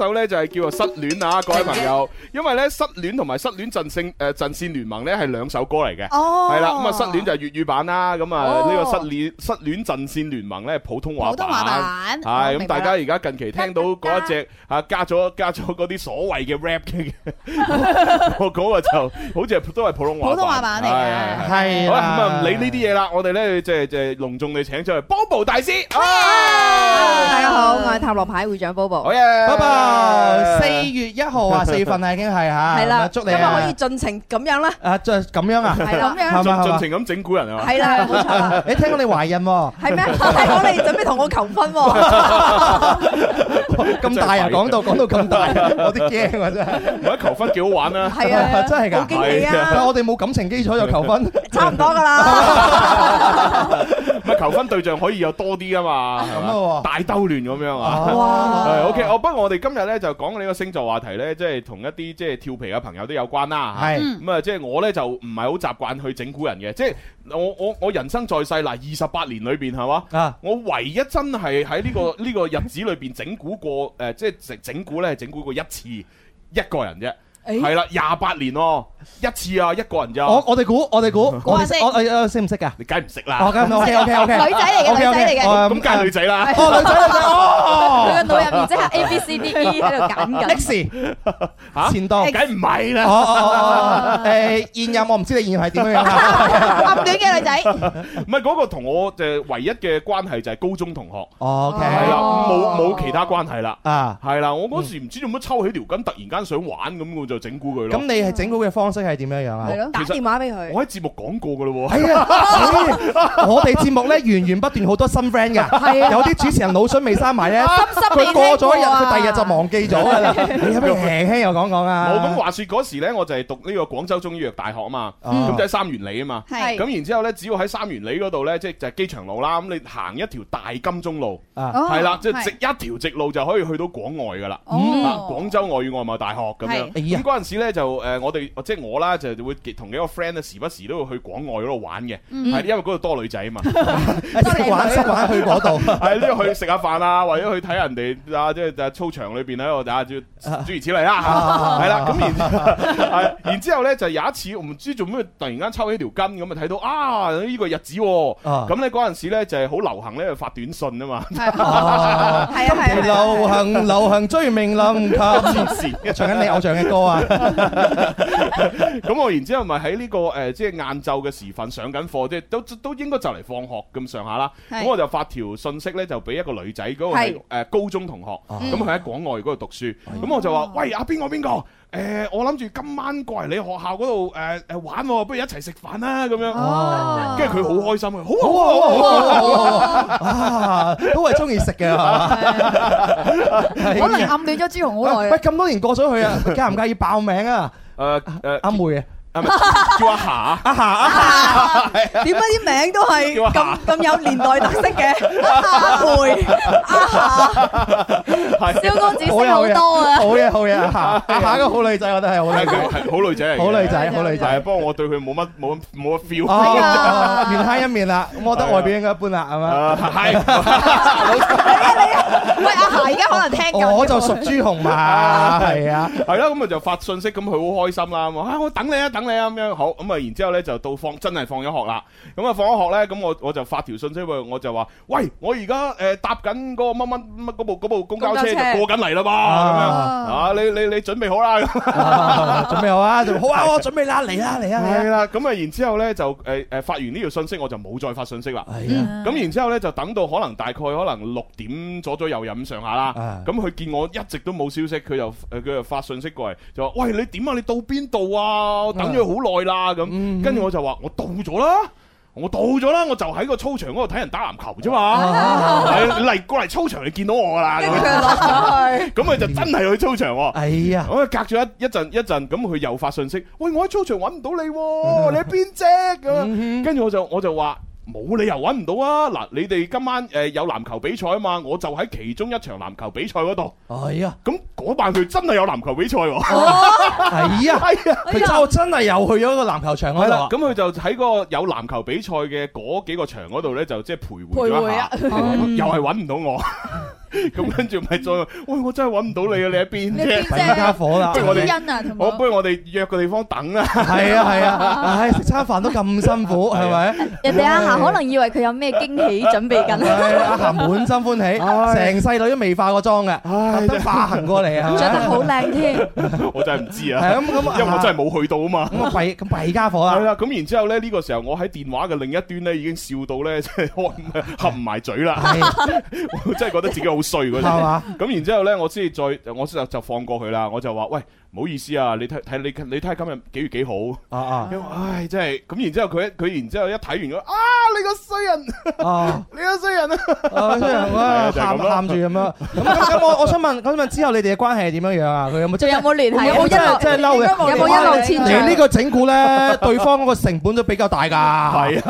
首咧，就係叫做失戀啊，各位朋友，因為咧失戀同埋失戀陣勝誒陣線聯盟咧係兩首歌嚟嘅，係啦，咁啊失戀就係粵語版啦，咁啊呢個失戀失戀陣線聯盟咧普通話普通話版，係咁大家而家近期聽到嗰一隻啊加咗加咗嗰啲所謂嘅 rap 嘅，我嗰個就好似係都係普通話普通話版嚟嘅，係啊，咁啊唔理呢啲嘢啦，我哋咧即係即係隆重地請出嚟 bobo 大師，大家好，我係塔羅牌會長 bobo，好嘅，拜拜。啊！四月一號啊，四月份啊，已經係吓，係啦，祝你今日啊，可以盡情咁樣啦。啊，就咁樣啊，係咁樣，盡盡情咁整蠱人啊。係啦，冇錯。誒，聽講你懷孕喎？係咩？聽講你準備同我求婚？咁大啊！講到講到咁大，我啲驚啊真係。或者求婚幾好玩啊？係啊，真係噶。我哋冇感情基礎就求婚，差唔多噶啦。咪求婚對象可以有多啲啊嘛？係嘛？大兜亂咁樣啊？哇！O K，我不如我哋今日。咧就講呢個星座話題咧，即係同一啲即係調皮嘅朋友都有關啦。係咁啊，即係我呢就唔係好習慣去整蠱人嘅。即係我我我人生在世嗱，二十八年裏邊係嘛，啊、我唯一真係喺呢個呢個日子裏邊整蠱過誒，即係、 呃即係、整蠱咧，整蠱過一次一個人啫。係啦，廿八年咯，一次啊，一個人咋？我我哋估，我哋估，我識，我誒識唔識噶？你梗係唔識啦。O K O K O K。女仔嚟嘅，女仔嚟嘅。咁梗係女仔啦。哦，女仔，女仔。哦。佢個腦入面即係 A B C D E 喺度揀緊。的是。吓？前度？梗係唔係啦。哦哦。誒，現任我唔知你現任係點樣樣。暗戀嘅女仔。唔係嗰個同我誒唯一嘅關係就係高中同學。O K。係啦，冇冇其他關係啦。啊。係啦，我嗰時唔知做乜抽起條筋，突然間想玩咁我就。整蠱佢咯。咁你係整蠱嘅方式係點樣樣啊？係咯。打電話俾佢。我喺節目講過㗎咯喎。啊。我哋節目咧，源源不斷好多新 friend 㗎。係。有啲主持人腦囟未生埋咧，佢過咗一日，佢第二日就忘記咗㗎啦。你可唔可以輕輕又講講啊？冇。咁話説嗰時咧，我就係讀呢個廣州中醫藥大學啊嘛。咁就係三元里啊嘛。係。咁然之後咧，只要喺三元里嗰度咧，即係就係機場路啦。咁你行一條大金鐘路，啊。係啦，即係直一條直路就可以去到廣外㗎啦。哦。廣州外語外貿大學咁樣。嗰陣時咧就誒，我哋即係我啦，就會同幾個 friend 咧時不時都會去廣外嗰度玩嘅，係因為嗰度多女仔啊嘛，玩一玩去嗰度，係呢度去食下飯啊，或者去睇人哋啊，即係喺操場裏邊喺度啊，諸諸如此類啦，係啦，咁然係，然之後咧就有一次，唔知做咩突然間抽起條筋咁啊，睇到啊呢個日子，咁咧嗰陣時咧就係好流行咧發短信啊嘛，係啊，係流行流行追命流，拍唱緊你偶像嘅歌。咁 我然之後咪喺呢個誒、呃，即係晏晝嘅時分上緊課，即係都都應該就嚟放學咁上下啦。咁是我就發條信息咧，就俾一個女仔，嗰、嗰個誒是、呃、高中同學，咁佢喺廣外嗰度讀書。咁、啊、我就話：喂，阿邊個邊個？誒、呃，我諗住今晚過嚟你學校嗰度誒誒玩喎、喔，不如一齊食飯啦咁樣。哦，跟住佢好開心好好好好啊！好啊，好啊，好啊，好好好啊，啊，啊，都係中意食嘅，的哎、可能暗戀咗之紅好耐。喂，咁多年過咗去啊， 介唔介意爆名啊？誒誒、uh, uh, 啊，阿妹嘅。叫阿霞，阿霞，阿霞，點解啲名都係咁咁有年代特色嘅？阿梅，阿霞，係，小公子好多嘅，好嘢，好嘢，阿霞，阿霞一個好女仔，我哋係好，係佢係好女仔，好女仔，好女仔，不過我對佢冇乜冇冇乜 feel。哦，面癱一面啦，咁我得外表應該一般啦，係咪？係。喂，阿霞，而家可能聽緊。我就屬豬紅嘛，係啊，係咯，咁咪就發信息，咁佢好開心啦，話啊，我等你啊，等你啊，咁樣好，咁啊，然之後咧就到放真係放咗學啦，咁啊放咗學咧，咁我我就發條信息喎，我就話：喂，我而家誒搭緊嗰個乜乜乜嗰部嗰部公交車就過緊嚟啦嘛，咁樣啊，你你你準備好啦，準備好啊，好啊，我準備啦，嚟啦嚟啦嚟啦，咁啊然之後咧就誒誒發完呢條信息我就冇再發信息啦，咁然之後咧就等到可能大概可能六點左左右。咁上下啦，咁佢見我一直都冇消息，佢又佢又發信息過嚟，就話：喂，你點啊？你到邊度啊？我等咗你好耐啦，咁，跟住我就話：我到咗啦，我到咗啦，我就喺個操場嗰度睇人打籃球啫嘛，嚟 過嚟操場你見到我噶啦，咁佢 就真係去操場，哎呀，我隔咗一一陣一陣，咁佢又發信息，喂，我喺操場揾唔到你，你喺邊啫？」咁，跟住我就我就話。冇理由揾唔到啊！嗱，你哋今晚誒、呃、有籃球比賽啊嘛，我就喺其中一場籃球比賽嗰度。係、哎、呀，咁嗰班佢真係有籃球比賽喎。係啊，係啊，佢就真係又去咗個籃球場嗰度。咁佢就喺個有籃球比賽嘅嗰幾個場嗰度呢，就即係徘徊咗， 又係揾唔到我。 咁跟住咪再喂，我真係揾唔到你啊！你喺邊啫？即係我哋，我不如我哋約個地方等啦。係啊係啊，唉，食餐飯都咁辛苦，係咪？人哋阿霞可能以為佢有咩驚喜準備緊，阿霞滿心歡喜，成世女都未化過妝嘅，唉，化行過嚟啊，着得好靚添。我真係唔知啊，因為我真係冇去到啊嘛。咁弊，咁弊家伙啦。係啦，咁然之後咧呢個時候，我喺電話嘅另一端咧已經笑到咧，即係合唔埋嘴啦。我真係覺得自己好～衰嗰陣，咁係嘛然之後咧，我先至再，我就就放過佢啦，我就話：喂。唔好意思啊，你睇睇你你睇今日幾月幾號啊，因為唉，真係咁，然之後佢佢然之後一睇完咗啊。你個衰人啊，你個衰人啊，衰人啊，喊喊住咁樣咁咁咁，我我想問，問之後你哋嘅關係係點樣樣啊？佢有冇即有冇聯繫？有冇一有冇一路黐住？你呢個整蠱咧，對方嗰個成本都比較大㗎，係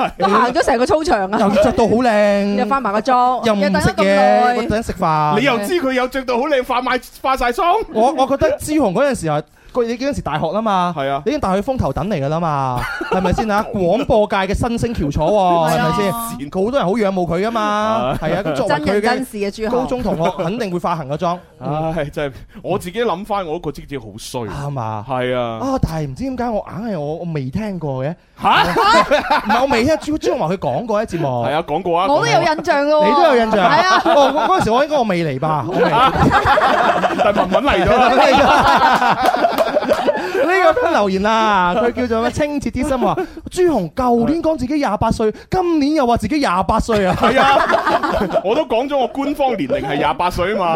啊，行咗成個操場啊，又着到好靚，又化埋個妝，又唔食嘅，等食飯。你又知佢有着到好靚，化埋化晒妝。我我覺得志紅嗰陣時。佢你嗰陣時大學啦嘛，係啊，你已經大學風頭等嚟噶啦嘛，係咪先嚇？廣播界嘅新星翹楚，係咪先？好多人好仰慕佢噶嘛，係啊。真作為佢嘅高中同學，肯定會化行嘅妝。係真係我自己諗翻，我嗰個職業好衰啊嘛。係啊，啊但係唔知點解我硬係我我未聽過嘅嚇。唔係我未聽朱朱華佢講過一節目。係啊，講過啊。我都有印象咯。你都有印象？係啊。我嗰陣時我應該我未嚟吧，我未。但係文文嚟咗，呢個 friend 留言啦，佢叫做咩清澈之心話：朱紅舊年講自己廿八歲，今年又話自己廿八歲啊！係啊，我都講咗我官方年齡係廿八歲啊嘛，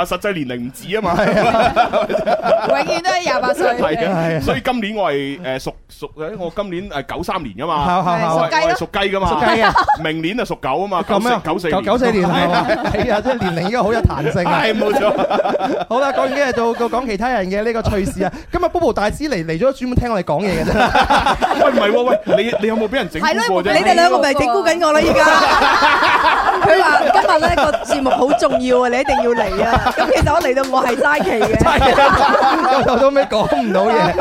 啊實際年齡唔止啊嘛，永遠都係廿八歲。係嘅，所以今年我係誒屬屬誒我今年誒九三年噶嘛，係係係，我係屬雞噶嘛，屬雞啊！明年就屬狗啊嘛，九四九四年係啊，即係年齡應該好有彈性。係冇錯。好啦，講完呢啲嘢，到到講其他人嘅呢個趣事啊！今日 Bobo 大師。啲嚟嚟咗專門聽我哋講嘢嘅啫。喂，唔係喎，喂，你你有冇俾人整蠱過啫？你哋兩個咪整蠱緊我啦！而家佢話今日咧個節目好重要啊，你一定要嚟啊！咁其實我嚟到我係嘥氣嘅。嘥氣啊！我到到尾講唔到嘢，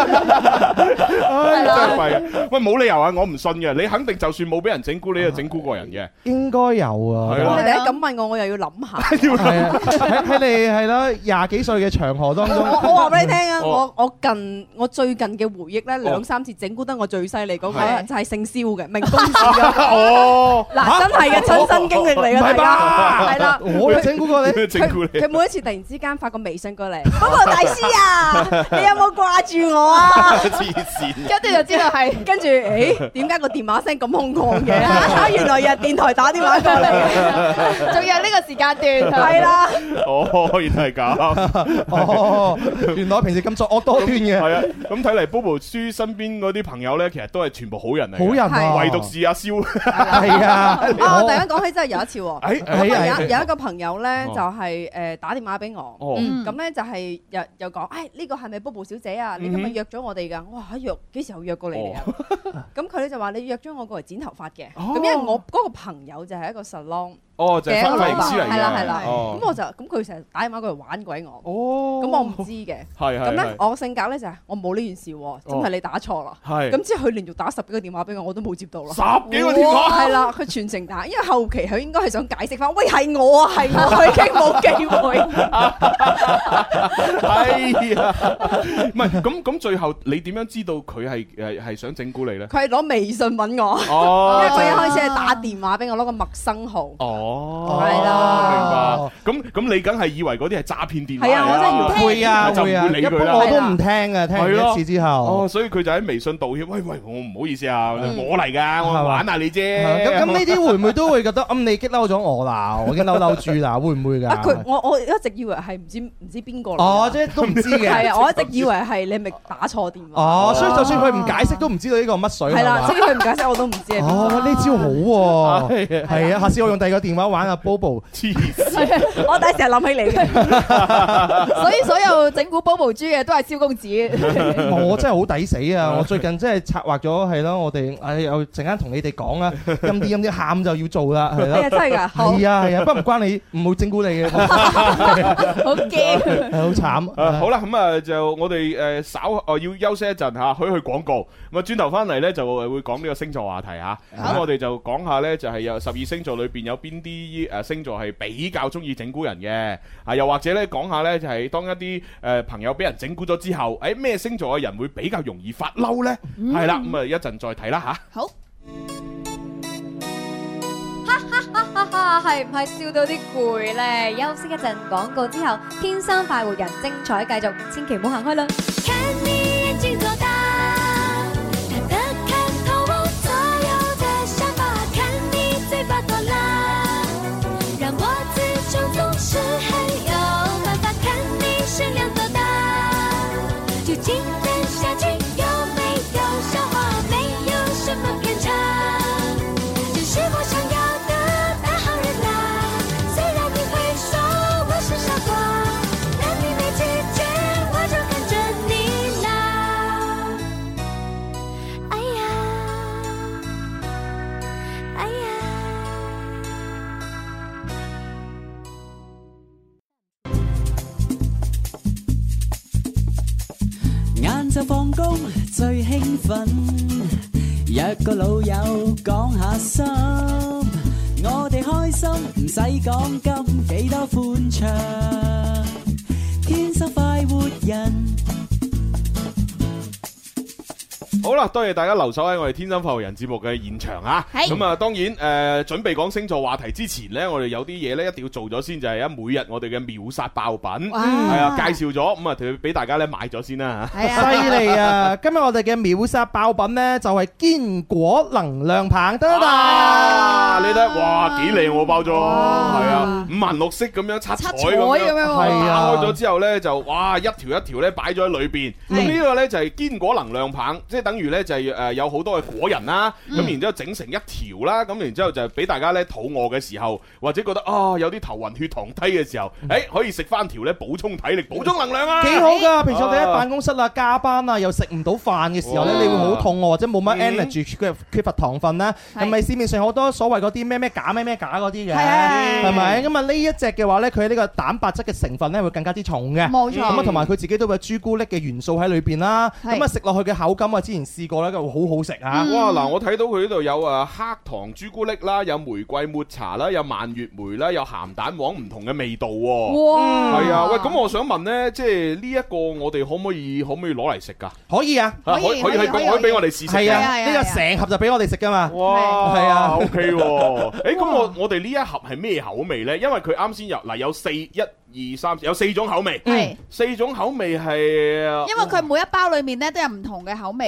真係廢。喂，冇理由啊！我唔信嘅，你肯定就算冇俾人整蠱，你又整蠱過人嘅。應該有啊。係啦。你一咁問我，我又要諗下。係啊。喺你係啦，廿幾歲嘅長河當中。我我話俾你聽啊，我我近我。最近嘅回憶咧，兩三次整蠱得我最犀利嗰個就係姓蕭嘅名公子哦，嗱，真係嘅親身經歷嚟啊！大家係啦，我整蠱過你，整佢每一次突然之間發個微信過嚟，嗰個大師啊，你有冇掛住我啊？黐線，一啲就知道係，跟住誒點解個電話聲咁空曠嘅？原來係電台打電話過嚟，仲有呢個時間段，係啦，哦原來係咁，哦原來平時咁作惡多端嘅。咁睇嚟 bobo 豬身邊嗰啲朋友咧，其實都係全部好人嚟，好人啊，唯獨是阿蕭，係啊！啊，我突然間講起真係有一次喎，哎、有、哎、有一個朋友咧，就係誒打電話俾我，咁咧、哦、就係又又講，誒、哎、呢、呢個係咪 b o b o 小姐啊？嗯、哼你係咪約咗我哋噶？哇，話約幾時有約過你嚟啊？咁佢咧就話你約咗我過嚟剪頭髮嘅，咁、哦、因為我嗰個朋友就係一個 salon。哦，就翻嚟黐人，係啦，係啦，咁我就咁佢成日打電話過嚟玩鬼我，哦，咁我唔知嘅，咁咧我性格咧就係我冇呢件事，真係你打錯啦。係，咁之後佢連續打十幾個電話俾我，我都冇接到啦。十幾個電話，係啦，佢全程打，因為後期佢應該係想解釋翻，喂係我啊，係我，佢已經冇機會。係啊，唔係咁咁，最後你點樣知道佢係係想整蠱你咧？佢係攞微信揾我，因為佢一開始係打電話俾我攞個陌生號。哦，係啦，明白。咁咁你梗係以為嗰啲係詐騙電話？係啊，我真係唔會啊，就唔會理佢啦。一般我都唔聽噶，聽一次之後。哦，所以佢就喺微信道歉。喂喂，我唔好意思啊，我嚟噶，我玩下你啫。咁咁呢啲會唔會都會覺得咁你激嬲咗我啦，我激嬲嬲住啦，會唔會噶？啊，佢我我一直以為係唔知唔知邊個嚟。哦，即係都唔知嘅。係啊，我一直以為係你咪打錯電話。哦，所以就算佢唔解釋都唔知道呢個乜水。係啦，即係佢唔解釋我都唔知。哦，呢招好喎，係啊，下次我用第二個電。玩下 Bobo，黐線！我第一時間諗起你，所以所有整蠱 Bobo 豬嘅都係蕭公子。我真係好抵死啊！我最近真係策劃咗，係咯，我哋唉又陣間同你哋講啦。咁啲咁啲喊就要做啦，係咯，真係㗎，係啊係啊，不過唔關你，唔會整蠱你嘅，好驚，好慘。好啦，咁啊就我哋誒稍啊要休息一陣嚇，可以去廣告。咁啊轉頭翻嚟咧就會講呢個星座話題嚇。咁我哋就講下咧，就係有十二星座裏邊有邊啲誒星座係比較中意整蠱人嘅，啊又或者咧講下咧就係當一啲誒朋友俾人整蠱咗之後，誒咩星座嘅人會比較容易發嬲呢？係啦，咁啊一陣再睇啦嚇。好，哈哈哈哈！係唔係笑到啲攰呢？休息一陣廣告之後，天生快活人精彩繼續，千祈唔好行開啦。就放工最興奮，約個老友講下心，我哋開心唔使講金，幾多歡暢，天生快活人。好啦，多謝大家留守喺我哋《天生富人》節目嘅現場吓、啊，咁啊，當然誒、呃，準備講星座話題之前呢，我哋有啲嘢，呢一定要做咗先，就係一每日我哋嘅秒殺爆品，係、嗯、啊，介紹咗，咁、嗯、啊，俾大家咧買咗先啦，犀利啊！今日我哋嘅秒殺爆品呢，就係、是、堅果能量棒，啊、你睇，哇，幾靚喎包裝，係啊，五顏六色咁樣七彩咁啊，打、啊、開咗之後呢，就哇一條一條呢，擺咗喺裏邊，呢、嗯嗯、個呢，就係堅果能量棒，即係等於咧就係、是、誒有好多嘅果仁啦，咁然之後整成一條啦，咁然之後就俾大家咧肚餓嘅時候，或者覺得啊有啲頭暈血糖低嘅時候，誒、欸、可以食翻條咧補充體力、補充能量啊！幾好㗎！平常你喺辦公室啊、加班啊又食唔到飯嘅時候咧，啊、你會好肚餓或者冇乜 energy 缺乏糖分啦，係咪是市面上好多所謂嗰啲咩咩假咩咩假嗰啲嘅，係咪咁啊？呢一隻嘅話咧，佢呢個蛋白質嘅成分咧會更加之重嘅，冇錯。咁啊同埋佢自己都有朱古力嘅元素喺裏邊啦，咁啊食落去嘅口感啊之前。試過咧，佢好好食啊！哇！嗱，我睇到佢呢度有誒黑糖朱古力啦，有玫瑰抹茶啦，有蔓越莓啦，有鹹蛋黃唔同嘅味道喎。哇！係啊，喂，咁我想問呢，即係呢一個我哋可唔可以可唔可以攞嚟食噶？可以啊，可以可以俾我哋試食嘅。啊呢個成盒就俾我哋食噶嘛。哇！係啊，OK 喎。誒，咁我我哋呢一盒係咩口味呢？因為佢啱先入嗱有四一二三，有四種口味。係四種口味係因為佢每一包裡面呢都有唔同嘅口味。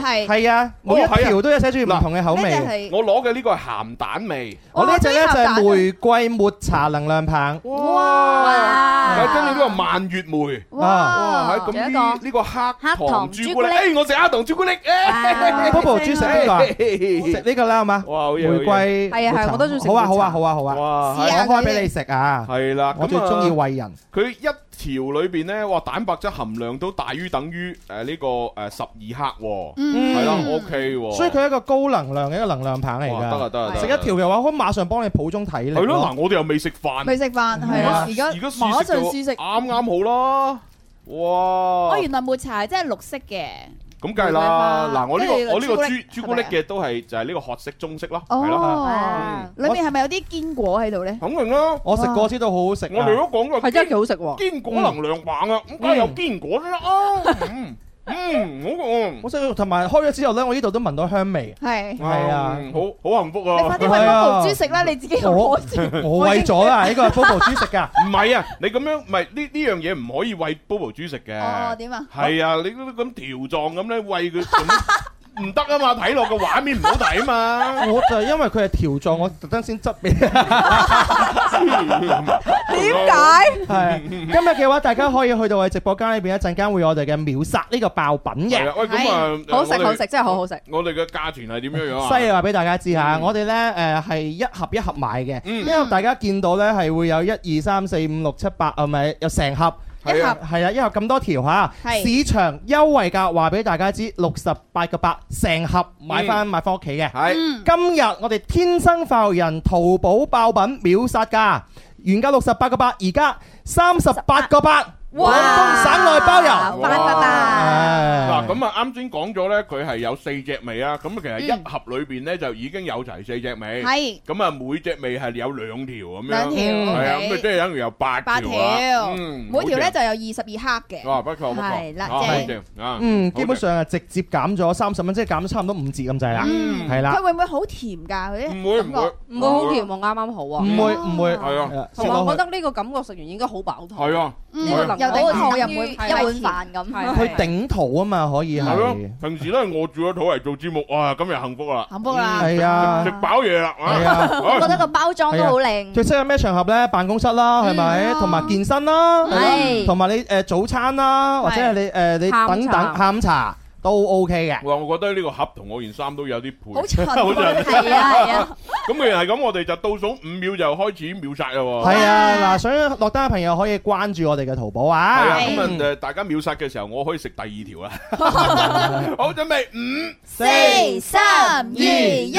係係啊，每一條都有寫住唔同嘅口味。我攞嘅呢個係鹹蛋味，我呢隻咧就係玫瑰抹茶能量棒。哇！跟住呢個蔓越莓。哇！咁呢個黑黑糖朱古力，誒，我食黑糖朱古力。bobo 豬食呢個，食呢個啦，係嘛？哇！玫瑰。係啊係啊，我都中意食。好啊好啊好啊好啊！哇！攞開俾你食啊！係啦，我最中意餵人。佢一條裏邊咧，哇，蛋白質含量都大於等於誒呢、呃這個誒十二克喎，係、嗯、啦、嗯啊，OK、啊、所以佢係一個高能量嘅一個能量棒嚟㗎。得啊得啊！啊啊啊食一條嘅話，可以馬上幫你補充體力。係咯、啊，嗱、啊，我哋又未食飯，未食飯係啊。而家而家馬上試食，啱啱好啦。哇！我原來抹茶係真係綠色嘅。咁梗係啦，嗱，我呢個我呢個朱朱古力嘅都係就係呢個褐色中式咯，係咯，裏面係咪有啲堅果喺度咧？肯定咯。我食過先都好好食，我哋都講過係真係幾好食喎，堅果能量棒啊，咁梗係有堅果啦啊！嗯，好，我識佢，同埋開咗之後咧，我呢度都聞到香味。係，係啊，好好幸福啊！你快啲餵波波豬食啦，你自己好餓住。我餵咗啦，呢個係波波豬食㗎。唔係啊，你咁樣，唔係呢呢樣嘢唔可以餵波波豬食嘅。哦，點啊？係啊，你咁咁條狀咁咧餵佢。唔得啊嘛，睇落個畫面唔好睇啊嘛！我就係因為佢係條狀，我特登先執俾。點解？係今日嘅話，大家可以去到我哋直播間裏邊，一陣間會我哋嘅秒殺呢個爆品嘅。喂，咁啊，好食好食，真係好好食！我哋嘅價錢係點樣樣啊？先話俾大家知吓，我哋咧誒係一盒一盒買嘅，因為大家見到咧係會有一二三四五六七八係咪有成盒。一盒係盒啊，一盒咁多條吓，是市場優惠價話俾大家知，六十八個八，成盒買翻買翻屋企嘅。嗯、今日我哋天生發人淘寶爆品秒殺價，原價六十八個八，而家三十八個八。廣東省內包郵，哇！嗱咁啊，啱先講咗咧，佢係有四隻味啊！咁啊，其實一盒裏邊咧就已經有齊四隻味，係咁啊，每隻味係有兩條咁樣，兩條係啊，咁啊，即係等於有八條啊！每條咧就有二十二克嘅，哇！不錯，不錯，正啊，嗯，基本上啊，直接減咗三十蚊，即係減咗差唔多五字咁滯啦，係啦。佢會唔會好甜噶？嗰啲唔會，唔會，唔會好甜喎，啱啱好啊，唔會，唔會，係啊。同埋我覺得呢個感覺食完應該好飽肚，係啊，呢個能。頂湯一碗飯咁，去頂肚啊嘛，可以。係咯，平時都係我煮咗肚嚟做節目，哇！今日幸福啦，幸福啦，係啊，食飽嘢啦，係啊。我覺得個包裝都好靚。最適合咩場合咧？辦公室啦，係咪？同埋健身啦，係咯，同埋你誒早餐啦，或者係你誒你等等下午茶。都 OK 嘅，我覺得呢個盒同我件衫都有啲配，好襯，係 的啊，咁既然係咁，我哋就倒數五秒就開始秒殺啦。係啊，嗱，想落單嘅朋友可以關注我哋嘅淘寶啊。係啊，咁啊，誒、嗯，大家秒殺嘅時候，我可以食第二條啦。 好，準備，五、四、三、二、一。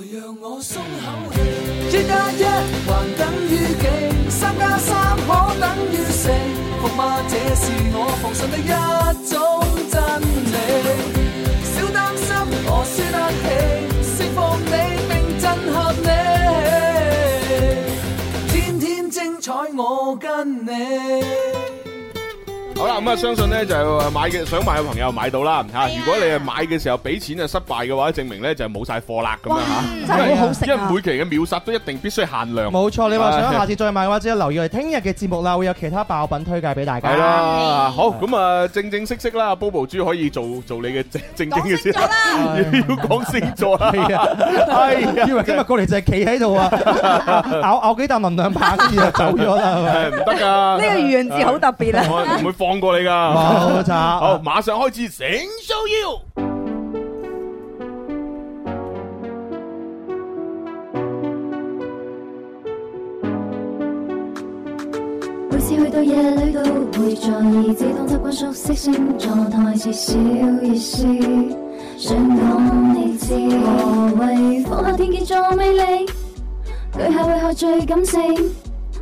來讓我鬆口氣，一加一還等於幾？三加三可等於四？服嗎？這是我奉信的一種真理。少擔心我，我輸得起，釋放你並震撼你。天天精彩，我跟你。好啦，咁啊，相信咧就買嘅想買嘅朋友買到啦嚇。如果你係買嘅時候俾錢就失敗嘅話，證明咧就冇晒貨啦咁樣嚇。真係好食啊！因為每期嘅秒殺都一定必須限量。冇錯，你話想下次再買嘅話，只要留意聽日嘅節目啦，會有其他爆品推介俾大家啦。好，咁啊，正正式式啦，Bobo 豬可以做做你嘅正正經嘅先。啦，要講星座啦。係啊，以為今日過嚟就係企喺度啊，咬咬幾啖能量棒先就走咗啦，係唔得㗎。呢個預字好特別啊！唔會放過你噶，上 好，馬上開始，整 show you。每次去到夜裏，都會在意。只當習慣熟悉星座台詞，小意思，想講你知。我為風花天蠍座魅力？巨蟹為何最感性？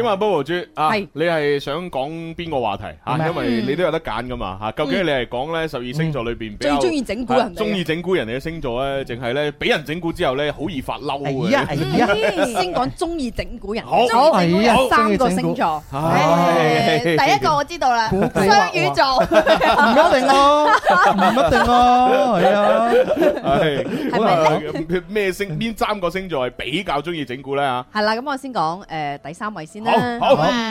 咁啊，Bobo 豬啊，係你係想講邊個話題吓？因為你都有得揀噶嘛吓。究竟你係講咧十二星座裏邊最中意整蠱人、中意整蠱人哋嘅星座咧，淨係咧俾人整蠱之後咧，好易發嬲嘅。一先講中意整蠱人，中意整蠱人三個星座。第一個我知道啦，雙魚座。唔一定咯，唔一定咯，係啊。係咪咩星邊三個星座比較中意整蠱咧？啊，係啦，咁我先講誒，第三位先啦。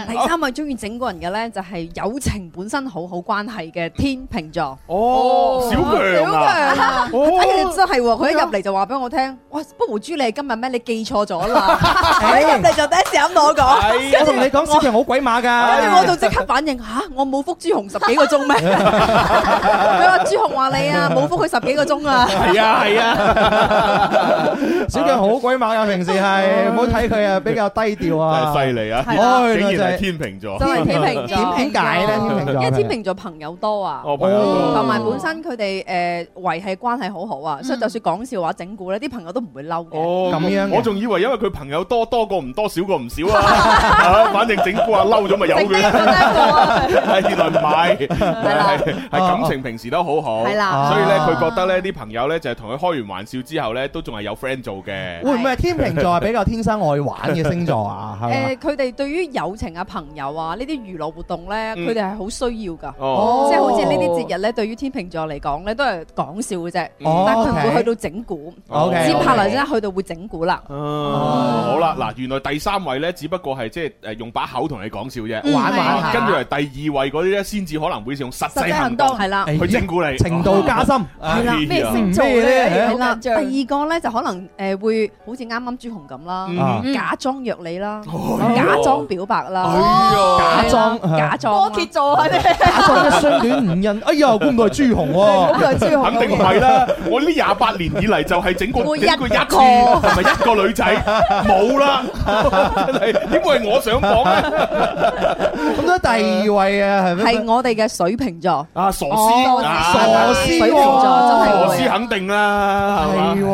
第三位中意整個人嘅咧，就係友情本身好好關係嘅天秤座。哦，小強啊，佢真係，佢一入嚟就話俾我聽，哇，不如朱麗今日咩？你記錯咗啦，你就第一時咁同我講，跟住你講，小強好鬼馬噶跟住我就即刻反應，吓，我冇復朱紅十幾個鐘咩？佢話朱紅話你啊，冇復佢十幾個鐘啊。係啊係啊，小強好鬼馬噶平時係，唔好睇佢啊，比較低調啊，犀利啊。竟然係天秤座，就係天秤座，天秤座點解咧？因為天秤座朋友多啊，同埋本身佢哋誒維繫關係好好啊，所以就算講笑話整蠱咧，啲朋友都唔會嬲嘅。哦，咁樣，我仲以為因為佢朋友多，多過唔多，少過唔少啊，反正整蠱啊嬲咗咪有佢啦。原來唔係，係感情平時都好好，係啦，所以咧佢覺得咧啲朋友咧就係同佢開完玩笑之後咧都仲係有 friend 做嘅。會唔會天秤座係比較天生愛玩嘅星座啊？誒，佢哋，對於友情啊、朋友啊呢啲娛樂活動咧，佢哋係好需要㗎，即係好似呢啲節日咧，對於天秤座嚟講咧都係講笑嘅啫，但係佢會去到整蠱，接下來咧去到會整蠱啦。哦，好啦，嗱，原來第三位咧，只不過係即係誒用把口同你講笑啫玩玩，跟住嚟第二位嗰啲咧，先至可能會用實際行動係啦去整蠱你程度加深，咩星座咧好緊張？第二個咧就可能誒會好似啱啱朱紅咁啦，假裝約你啦，假裝。裝表白啦，假裝假裝，摩羯座嗰啲，一對相戀五人，哎呀，估唔到係朱紅喎，好耐朱紅，肯定唔係啦，我呢廿八年以嚟就係整過整過一次，係咪一個女仔冇啦？點會係我上房咧？咁都第二位啊，係咪？係我哋嘅水瓶座，啊，傻師啊，傻師，水瓶座，傻師肯定啦，係，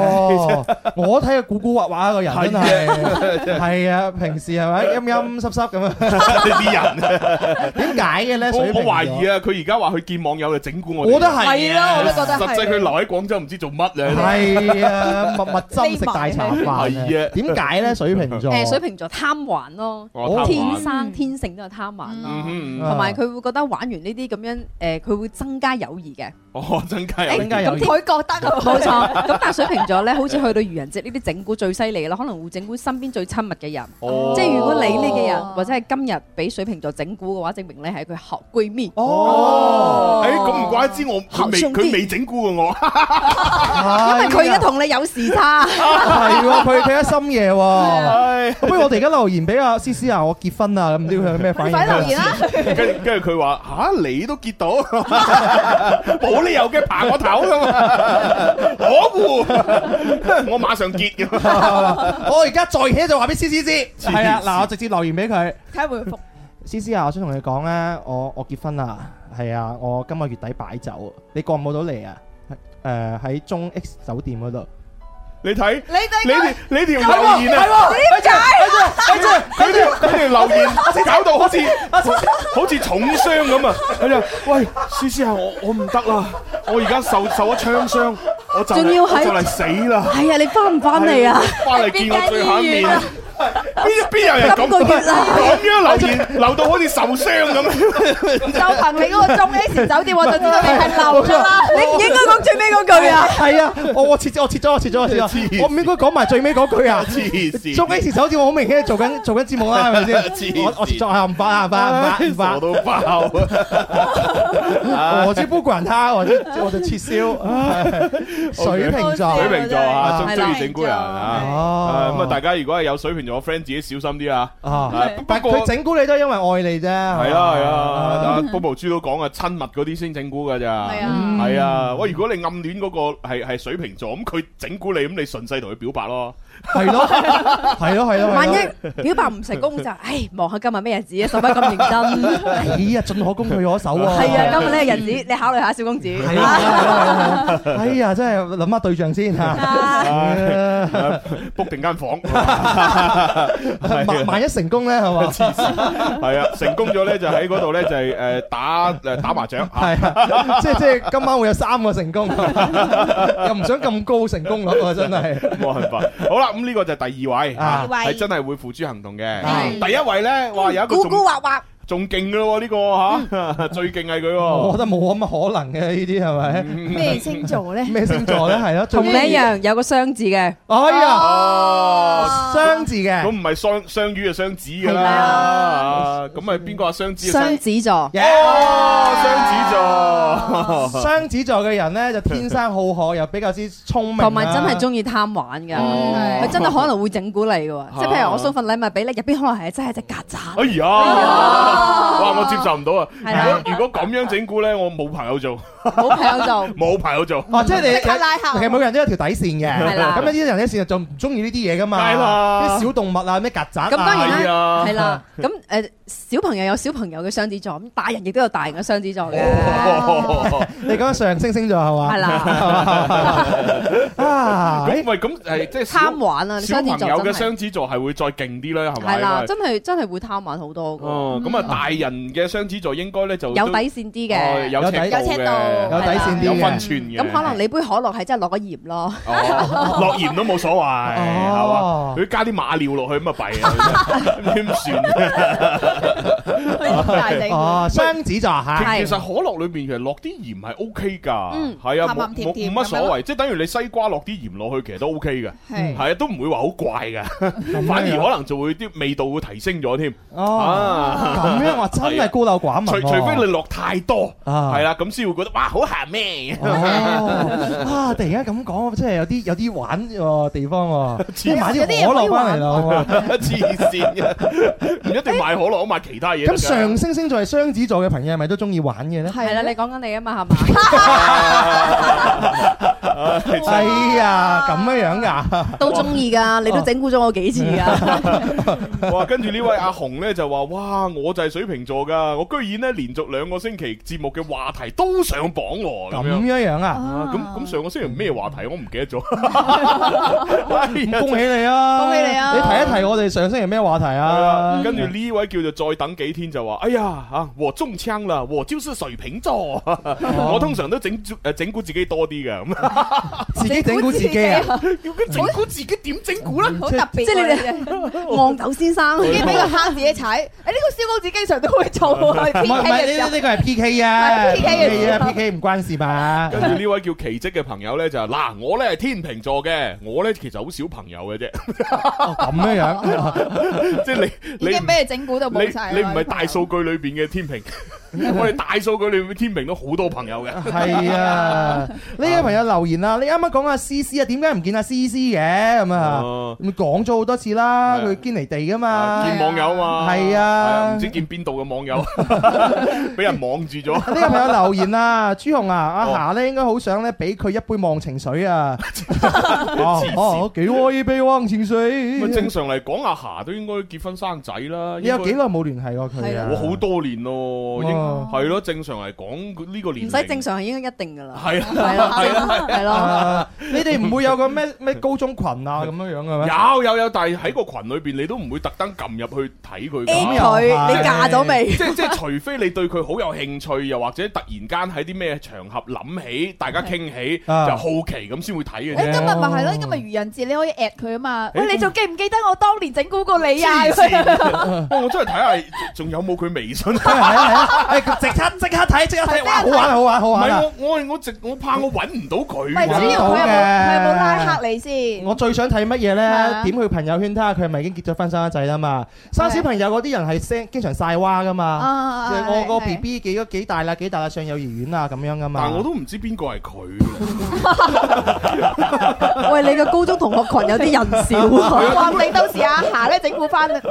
我睇下古古畫畫一個人真係，係啊，平時係咪陰陰？濕濕咁啊呢啲人，點解嘅咧？我我懷疑啊，佢而家話去見網友嘅整蠱我。我都係啊，我都覺得係。實際佢留喺廣州唔知做乜咧。係啊，密密斟食大茶飯。係啊，點解咧？水瓶座。誒，水瓶座貪玩咯，天生天性都係貪玩咯。同埋佢會覺得玩完呢啲咁樣，誒，佢會增加友誼嘅。哦，增加。增加友誼咁佢覺得冇錯。咁但係水瓶座咧，好似去到愚人節呢啲整蠱最犀利啦，可能會整蠱身邊最親密嘅人。哦。即係如果你呢？或者係今日俾水瓶座整蠱嘅話，證明你係佢好閨蜜。哦，誒，咁唔怪之我，佢未佢未整蠱我，因為佢而家同你有時差。係，佢企喺深夜。係，不如我哋而家留言俾阿思思啊，我結婚啊，唔知佢有咩反應？快留言啦！跟住跟住佢話：吓，你都結到，冇理由嘅爬我頭咁可惡！我唔，我馬上結咁。我而家再起就話俾思思知。係啊，嗱，我直接留。俾佢睇下回覆思思啊，我想同你講咧，我我結婚啦，係啊，我今個月底擺酒，你過唔過到嚟啊？誒喺中 X 酒店嗰度，你睇你你你條留言啊？點解？佢哋留言搞到好似好似重傷咁啊？點解？喂，思思啊，我我唔得啦，我而家受受咗槍傷，我就嚟就嚟死啦！係啊，你翻唔翻嚟啊？翻嚟見我最後一面。邊邊有人講個月啦？咁樣留言留到好似受傷咁。就憑你嗰個中 X 酒店，我就知道你係留咗啦。你唔應該講最尾嗰句啊？係啊，我我切，我切咗，我切咗，我切咗。我唔應該講埋最尾嗰句啊！中 X 酒店我好明顯做緊做緊節目啦，係咪先？我我撞下唔爆下唔爆我都爆。我就不管他，我就我就撤銷。水瓶座，水瓶座吓，中意整蠱人吓。咁啊，大家如果係有水平。我 friend 自己小心啲啊！啊，佢對過整蠱你都係因為愛你啫。係啊，係啊，bobo 豬都講啊，親密嗰啲先整蠱噶咋。係啊，係啊。喂，如果你暗戀嗰個係係水瓶座，咁佢整蠱你，咁你順勢同佢表白咯。係咯，係咯，係咯。萬一表白唔成功就，唉，望下今日咩日子，使乜咁認真？哎呀，進可攻退可守啊！係啊，今日呢日子你考慮下，小公子。哎呀，真係諗下對象先，book 定間房。萬一成功咧，係嘛？係啊，成功咗咧就喺嗰度咧就係誒打誒打麻雀。係啊，即即今晚會有三個成功，又唔想咁高成功率啊！真係冇辦法。好啦。咁呢個就係第二位，係真係會付諸行動嘅。第一位咧，哇，有一個古古惑惑，仲勁噶咯呢個吓，最勁係佢，我覺得冇咁嘅可能嘅呢啲係咪？咩星座咧？咩星座咧？係啊，同你一樣有個雙字嘅。哎呀，雙字嘅，咁唔係雙雙魚啊，雙子噶啦。咁係，邊個啊？雙子雙子座，哦，雙子座。雙子座嘅人咧就天生好學，又比較之聰明，同埋真係中意貪玩嘅，佢真係可能會整蠱你嘅，即係譬如我送份禮物俾你，入邊可能係真係隻曱甴。哎呀，哇，我接受唔到啊！如果如果咁樣整蠱咧，我冇朋友做，冇朋友做，冇朋友做。哦，即係你拉客，其實每個人都有條底線嘅，咁呢啲人咧，事實上就唔中意呢啲嘢噶嘛，啲小動物啊，咩曱甴，咁當然啦，係啦。係啦。咁誒，小朋友有小朋友嘅雙子座，咁大人亦都有大人嘅雙子座嘅。你講上升星座係嘛？係啦。啊，唔係咁係即係貪玩啊！雙子座。有嘅雙子座係會再勁啲啦，係咪？係啦，真係真係會貪玩好多嘅。咁啊，大人嘅雙子座應該咧就有底線啲嘅，有尺度嘅，有底線嘅，有分寸嘅。咁可能你杯可樂係真係落咗鹽咯？落鹽都冇所謂，係嘛？佢加啲馬尿落去，咁啊，弊啊，點算？哦，雙子座，係其實可樂裏面其實落啲鹽係 OK 㗎，係啊，冇乜所謂，即係等於你西瓜落啲鹽落去，其實都 OK 㗎，係啊，都唔會話好怪㗎，反而可能就會啲味道會提升咗添。哦，咁樣話真係孤陋寡聞，除除非你落太多，係啦，咁先會覺得哇好鹹咩？哇！突然間咁講，真係有啲有啲玩地方喎。你買啲可樂翻嚟咯，黐線嘅，唔一定買可樂，我買其他嘢。上升星座係雙子座嘅朋友係咪都中意玩嘅咧？係啦，你講緊你啊嘛，係嘛？係啊，咁樣樣啊，都中意噶，哇你都整蠱咗我幾次啊！ 哇，跟住呢位阿紅咧就話，哇，我就係水瓶座噶，我居然咧連續兩個星期節目嘅話題都上榜喎！咁樣樣啊？咁咁、啊、上個星期咩話題？我唔記得咗。 哎、呀恭喜你啊！恭喜你啊！你，啊你提一提我哋上星期咩話題啊？跟住呢位叫做再等幾天。就話，哎呀吓，我中槍啦！我就是水瓶座，我通常都整誒整蠱自己多啲嘅，自己整蠱自己。要整蠱自己點整蠱啦？好特別，即係你哋戇豆先生，自己俾個坑自己踩。誒，呢個燒高子經常都會做。唔係唔係呢呢個係 P K 啊？P K 啊？P K 唔關事吧？跟住呢位叫奇跡嘅朋友咧就嗱，我咧係天秤座嘅，我咧其實好少朋友嘅啫。咁咩樣，即係你你已經俾佢整蠱到冇你唔係大？數據裏邊嘅天秤。 我哋大數據裏邊天秤都好多朋友嘅，係啊！呢個朋友留言啊，你啱啱講阿 C C 啊，點解唔見阿 C C 嘅咁啊？佢講咗好多次啦，佢堅離地噶嘛，見網友嘛，係啊，唔知見邊度嘅網友，俾人網住咗。呢個朋友留言啊，朱紅啊，阿霞咧應該好想咧俾佢一杯忘情水啊！哦，幾可以俾忘情水。正常嚟講，阿霞都應該結婚生仔啦。有幾耐冇聯繫過？佢我好多年咯，係咯，正常嚟講呢個年齡唔使正常係已經一定噶啦，係啊，係啊，係咯，你哋唔會有個咩咩高中群啊咁樣樣嘅咩？有有有，但係喺個群裏邊，你都唔會特登撳入去睇佢。at 佢，你嫁咗未？即係即係，除非你對佢好有興趣，又或者突然間喺啲咩場合諗起，大家傾起就好奇咁先會睇嘅。今日咪係咯，今日愚人節你可以 at 佢啊嘛？喂，你仲記唔記得我當年整蠱過你啊？我真係睇下仲有冇佢微信。即刻即刻睇，即刻睇，好玩好玩好玩！唔係我我我直我怕我揾唔到佢。唔係主要佢有冇佢有冇拉黑你先？我最想睇乜嘢咧？點去朋友圈睇下，佢係咪已經結咗婚生咗仔啦嘛？生小朋友嗰啲人係聲經常晒娃噶嘛？我個 B B 幾多幾大啦？幾大啦？上幼兒園啊咁樣噶嘛？但係我都唔知邊個係佢。喂，你個高中同學群有啲人少啊？你到時阿霞咧整蠱翻？咦，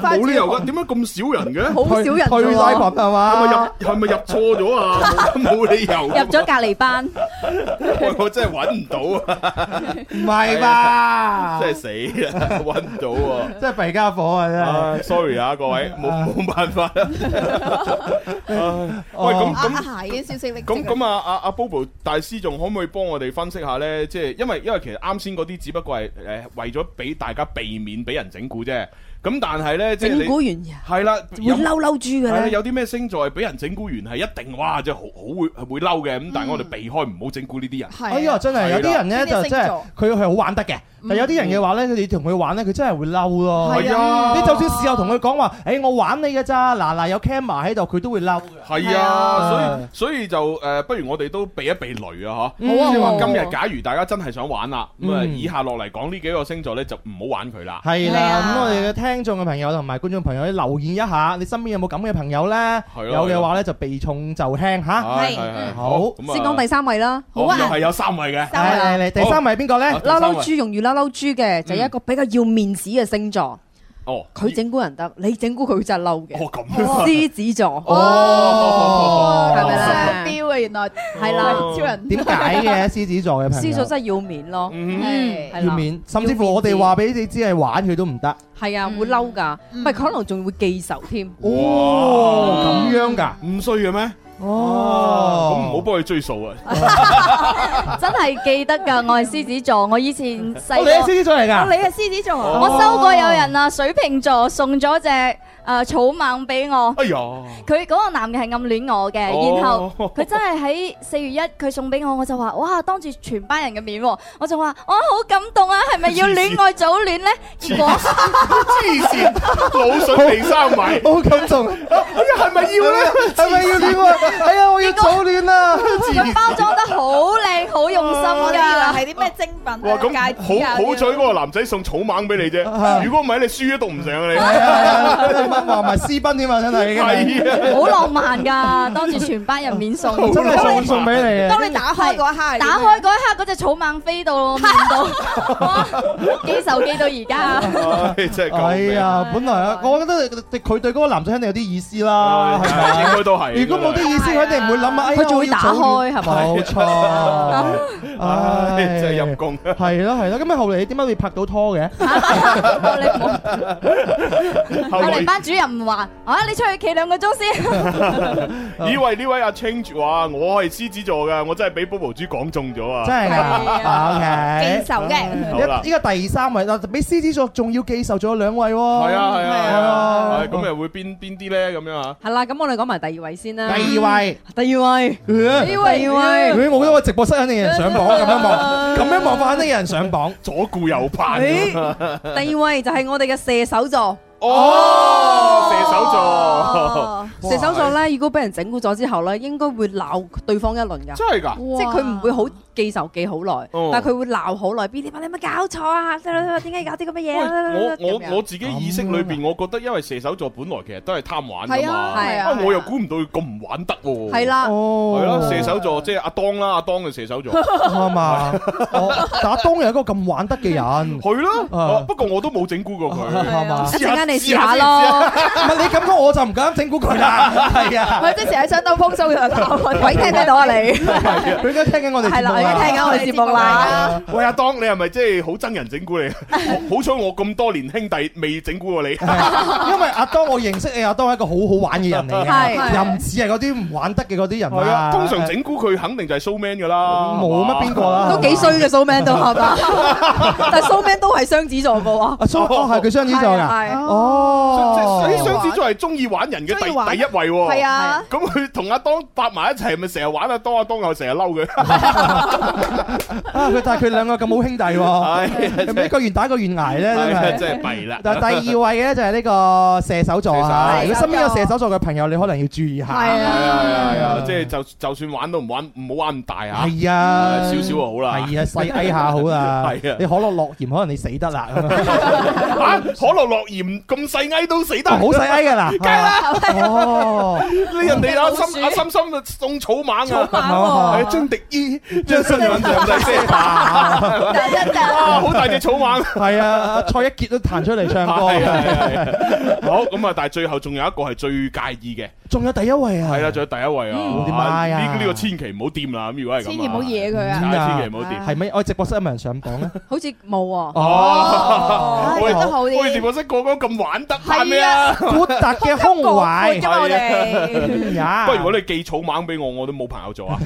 好少噶？點解咁少人嘅？好少人退晒群係嘛？係咪入係咪入錯咗啊？冇理由入咗隔離班我，我真係搵唔到啊！唔係吧、哎？真係死啊！搵唔到，真啊！真係弊家伙啊！Sorry 啊，各位，冇冇辦法啊、呃！喂，咁咁，阿霞嘅消息，咁咁啊，阿阿 Bobo 大師仲可唔可以幫我哋分析下咧？即係因為因為其實啱先嗰啲只不過係誒為咗俾大家避免俾人整蠱啫。咁但係咧，整蠱完嘅，係啦，會嬲嬲豬嘅。有啲咩星座係俾人整蠱完，係一定哇，即係好好會會嬲嘅。咁但係我哋避開唔好整蠱呢啲人。哎呀，真係有啲人咧就即係佢係好玩得嘅。但有啲人嘅話咧，你同佢玩咧，佢真係會嬲咯。係啊，你就算試下同佢講話，誒我玩你㗎咋？嗱嗱，有 camera 喺度，佢都會嬲嘅。係啊，所以所以就誒，不如我哋都避一避雷啊吓，好啊，今日假如大家真係想玩啦，咁啊以下落嚟講呢幾個星座咧，就唔好玩佢啦。係啦，咁我哋嘅聽聽眾嘅朋友同埋觀眾朋友，你留意一下，你身邊有冇咁嘅朋友呢？的有嘅話呢，就避重就輕吓。係好，先講第三位啦。好啊，係有三位嘅。第三位係邊個呢？嬲嬲豬，容易嬲嬲豬嘅，就係一個比較要面子嘅星座。嗯哦，佢整蠱人得，你整蠱佢就嬲嘅。哦咁啊！獅子座哦，係咪咧？彪啊，原來係啦，超人點解嘅？獅子座嘅朋友，獅子座真係要面咯，要面，甚至乎我哋話俾你知係玩佢都唔得。係啊，會嬲噶，唔係可能仲會記仇添。哦，咁樣噶，唔衰嘅咩？哦，咁唔好幫佢追數啊！ 真係記得㗎，我係獅子座，我以前細、哦，你係獅子座嚟㗎、哦，你係獅子座，哦、我收過有人啊，水瓶座送咗隻，誒，草蜢俾我，哎，佢嗰個男嘅係暗戀我嘅，然後佢真係喺四月一佢送俾我，我就話哇，當住全班人嘅面，我就話我好感動啊，係咪要戀愛早戀咧？痴線，腦水未生埋，好感動，係咪要咧？係咪要戀啊？哎呀，我要早戀啊！佢包裝得好靚，好用心噶，係啲咩精品？哇，咁好好彩嗰個男仔送草蜢俾你啫，如果唔係你書都讀唔上你。話埋私奔添啊！真係，好浪漫㗎，當住全班人面送，送俾你。當你打開嗰一刻，打開嗰一刻嗰隻草蜢飛到我面度，記仇記到而家。係真係咁。係啊，本來啊，我覺得佢對嗰個男仔肯定有啲意思啦，應該都係。如果冇啲意思，佢一定唔會諗啊。佢仲會打開係咪？冇錯。唉，真係陰功。係咯係咯，咁啊後嚟點解會拍到拖嘅？後嚟班。主任唔話，啊你出去企兩個鐘先。以為呢位阿 Change 話我係獅子座嘅，我真係俾 bobo 豬講中咗啊！真係，O K。記仇嘅，好啦，依個第三位，嗱，比獅子座仲要記仇咗有兩位。係啊係啊，啊，咁又會邊邊啲咧？咁樣啊？係啦，咁我哋講埋第二位先啦。第二位，第二位，第二位，第二位。我覺得我直播室肯定有人上榜，咁樣望，咁樣望，我肯定有人上榜，左顧右盼。第二位就係我哋嘅射手座。哦，射手座，射手座咧，如果俾人整蠱咗之後咧，應該會鬧對方一輪㗎。真係㗎，即係佢唔會好記仇記好耐，但係佢會鬧好耐。B T 啊，你咪搞錯啊！點解要搞啲咁嘅嘢？我我我自己意識裏邊，我覺得因為射手座本來其實都係貪玩㗎嘛，我又估唔到佢咁唔玩得喎。係啦，係啦，射手座即係阿當啦，阿當嘅射手座啊。但阿當又係一個咁玩得嘅人。係啦，不過我都冇整蠱過佢。試下咯，唔係你咁講，我就唔敢整蠱佢啦，係啊。佢即係想當風騷嘅鬼聽得到啊？你佢而家聽緊我哋係啦，而家聽緊我哋節目啦。喂，阿當，你係咪即係好憎人整蠱你？好彩我咁多年兄弟未整蠱過你，因為阿當我認識你，阿當係一個好好玩嘅人嚟嘅，又唔似係嗰啲唔玩得嘅嗰啲人。係啊，通常整蠱佢肯定就係 show man 噶啦，冇乜邊個啦，都幾衰嘅 show man 都，但係 show man 都係雙子座噶。阿當係佢雙子座噶。哦，所以雙子座係中意玩人嘅第第一位喎，係啊，咁佢同阿當搭埋一齊，咪成日玩阿當，阿當又成日嬲佢，啊，佢但係佢兩個咁好兄弟，係咪一個願打一個願挨咧？真係真係弊啦。但係，第二位咧就係呢個射手座，如果身邊有射手座嘅朋友，你可能要注意下，係啊，啊，啊，即係就就算玩都唔玩唔好玩咁大啊。係啊，少少好啦，係啊，細矮下好啦，係啊，你可樂落鹽可能你死得啦，可樂落鹽。咁細 I 都死得，好細 I 噶啦，梗係啦。哦，你人哋阿心阿心心啊，送草蜢啊，張迪依張新文就嚟先啦，第一隻，好大隻草蜢，係啊，蔡一傑都彈出嚟唱歌。係啊，好，咁啊，但係最後仲有一個係最介意嘅，仲有第一位啊，係啦，仲有第一位啊，點解啊？呢呢個千祈唔好掂啦，咁如果係咁，千祈唔好惹佢啊，千祈唔好掂。係咪？我直播室有冇人想講咧？好似冇啊。哦，我哋直播室個個咁。玩得係咩啊？古特嘅胸圍，不如如果你寄草蜢俾我，我都冇朋友做啊！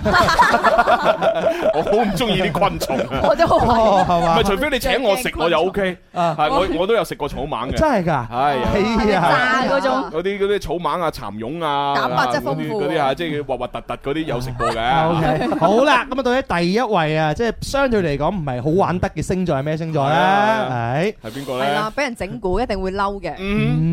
我好唔中意啲昆蟲，我都好，係嘛？唔係除非你請我食，我又 OK 啊！我我都有食過草蜢嘅，真係㗎，係炸嗰種嗰啲啲草蜢啊、蠶蛹啊，蛋白質豐富嗰啲啊，即係滑滑突突嗰啲有食過嘅。好啦，咁啊到底第一位啊，即係相對嚟講唔係好玩得嘅星座係咩星座咧？係係邊個咧？係啦，俾人整蠱一定會嬲。嘅，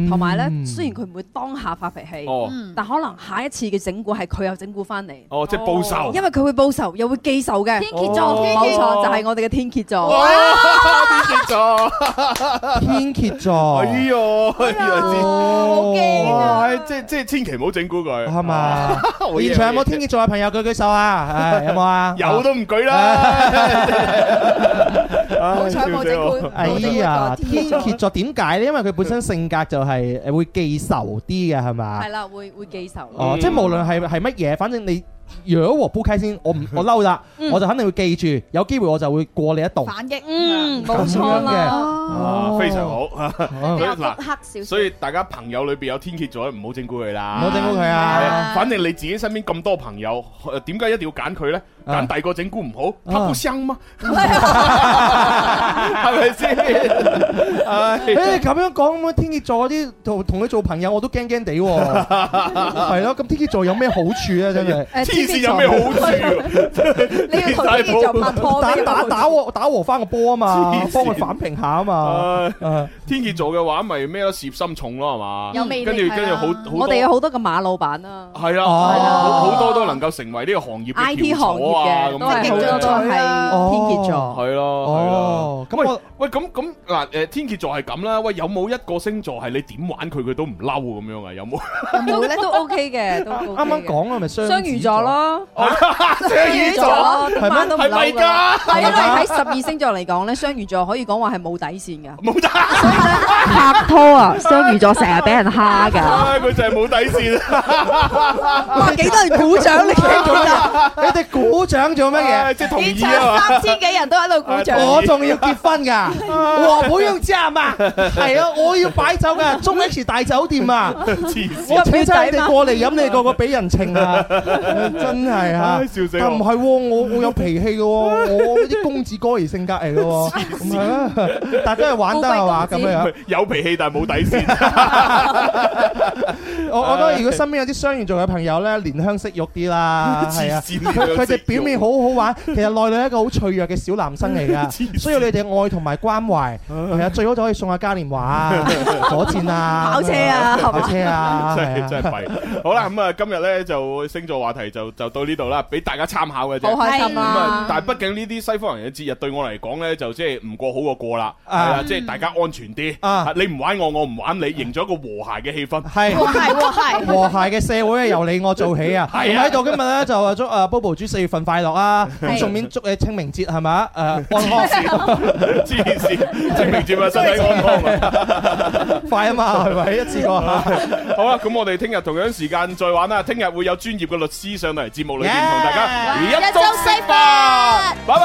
同埋咧，雖然佢唔會當下發脾氣，噗，但可能下一次嘅整蠱係佢又整蠱翻嚟。哦，即係報仇，哦，因為佢會報仇，又會記仇嘅。天蠍座，冇錯，就係我哋嘅天蠍座。哇！天蠍座，天蠍座，哎呀，好驚，即係即係，千祈唔好整蠱佢。係嘛？現場有冇天蠍座嘅朋友舉舉手啊？有冇啊？有都唔舉啦。好彩冇整蠱。哎呀，天蠍座點解咧？因為佢本身。性格就係誒會記仇啲嘅係咪？係啦，會會記仇。哦，即係無論係係乜嘢，反正你如果和煲開先，我唔我嬲啦，我就肯定會記住，有機會我就會過你一度。反擊。嗯，冇錯啦，非常好。所以嗱，所以大家朋友裏邊有天蠍座，唔好整蠱佢啦，唔好整蠱佢啊！反正你自己身邊咁多朋友，點解一定要揀佢咧？揀第二個整蠱唔好，他不香嗎？係咪先？誒，咁樣講咁，天蠍座嗰啲同同佢做朋友，我都驚驚地喎。係咯，咁天蠍座有咩好處咧？真係天蠍有咩好處？你要同天蠍座打打打和打和翻個波啊嘛，幫佢反評下啊嘛。天蠍座嘅話咪咩咯，涉深重咯，係嘛？跟住跟住好，我哋有好多個馬老闆啦。係啊，好多都能夠成為呢個行業嘅翹楚嘅，係天蠍座，係咯，係咯。咁喂，咁咁嗱，誒，天座係咁啦，喂，有冇一個星座係你點玩佢佢都唔嬲咁樣啊？有冇？都咧都 OK 嘅，都啱啱講啊，咪雙雙魚座咯，雙魚座係乜都唔嬲噶，係啊，喺十二星座嚟講咧，雙魚座可以講話係冇底線噶，冇底線，拍拖啊，雙魚座成日俾人蝦噶，佢就係冇底線啊！哇，幾多人鼓掌，你聽到啊？你哋鼓掌做乜嘢？即係同意啊嘛！三千幾人都喺度鼓掌，我仲要結婚噶，哇，好用只。係嘛，係啊！我要擺酒噶，中 H 大酒店啊！我請親你哋過嚟飲，你個個俾人情啊！真係啊！唔係，我我有脾氣嘅，我呢啲公子哥兒性格嚟嘅，唔係啊！但係大家係玩得係嘛，咁樣樣有脾氣但係冇底線。我我覺得如果身邊有啲雙魚座嘅朋友咧，憐香惜玉啲啦。黐線，佢佢哋表面好好玩，其實內裏係一個好脆弱嘅小男生嚟噶，需要你哋愛同埋關懷。其實最好。就可以送下嘉年華啊、火箭啊、跑車啊、學車啊，真係真係廢。好啦，咁啊，今日咧就星座話題就就到呢度啦，俾大家參考嘅啫。好開心啊！咁啊，但係畢竟呢啲西方人嘅節日對我嚟講咧，就即係唔過好過過啦，係啦，即係大家安全啲啊！你唔玩我，我唔玩你，營造一個和諧嘅氣氛。係係係，和諧，和諧嘅社會由你我做起啊！喺度今日咧就祝啊 Bobo 豬四月份快樂啊！順便祝你清明節係咪？誒，安康時，知時，清明節啊！ 快啊嘛，係咪一次過，係咪？ 好啦，咁我哋聽日同樣時間再玩啦。聽日會有專業嘅律師上嚟節目裏邊同大家一盅西飯，拜拜。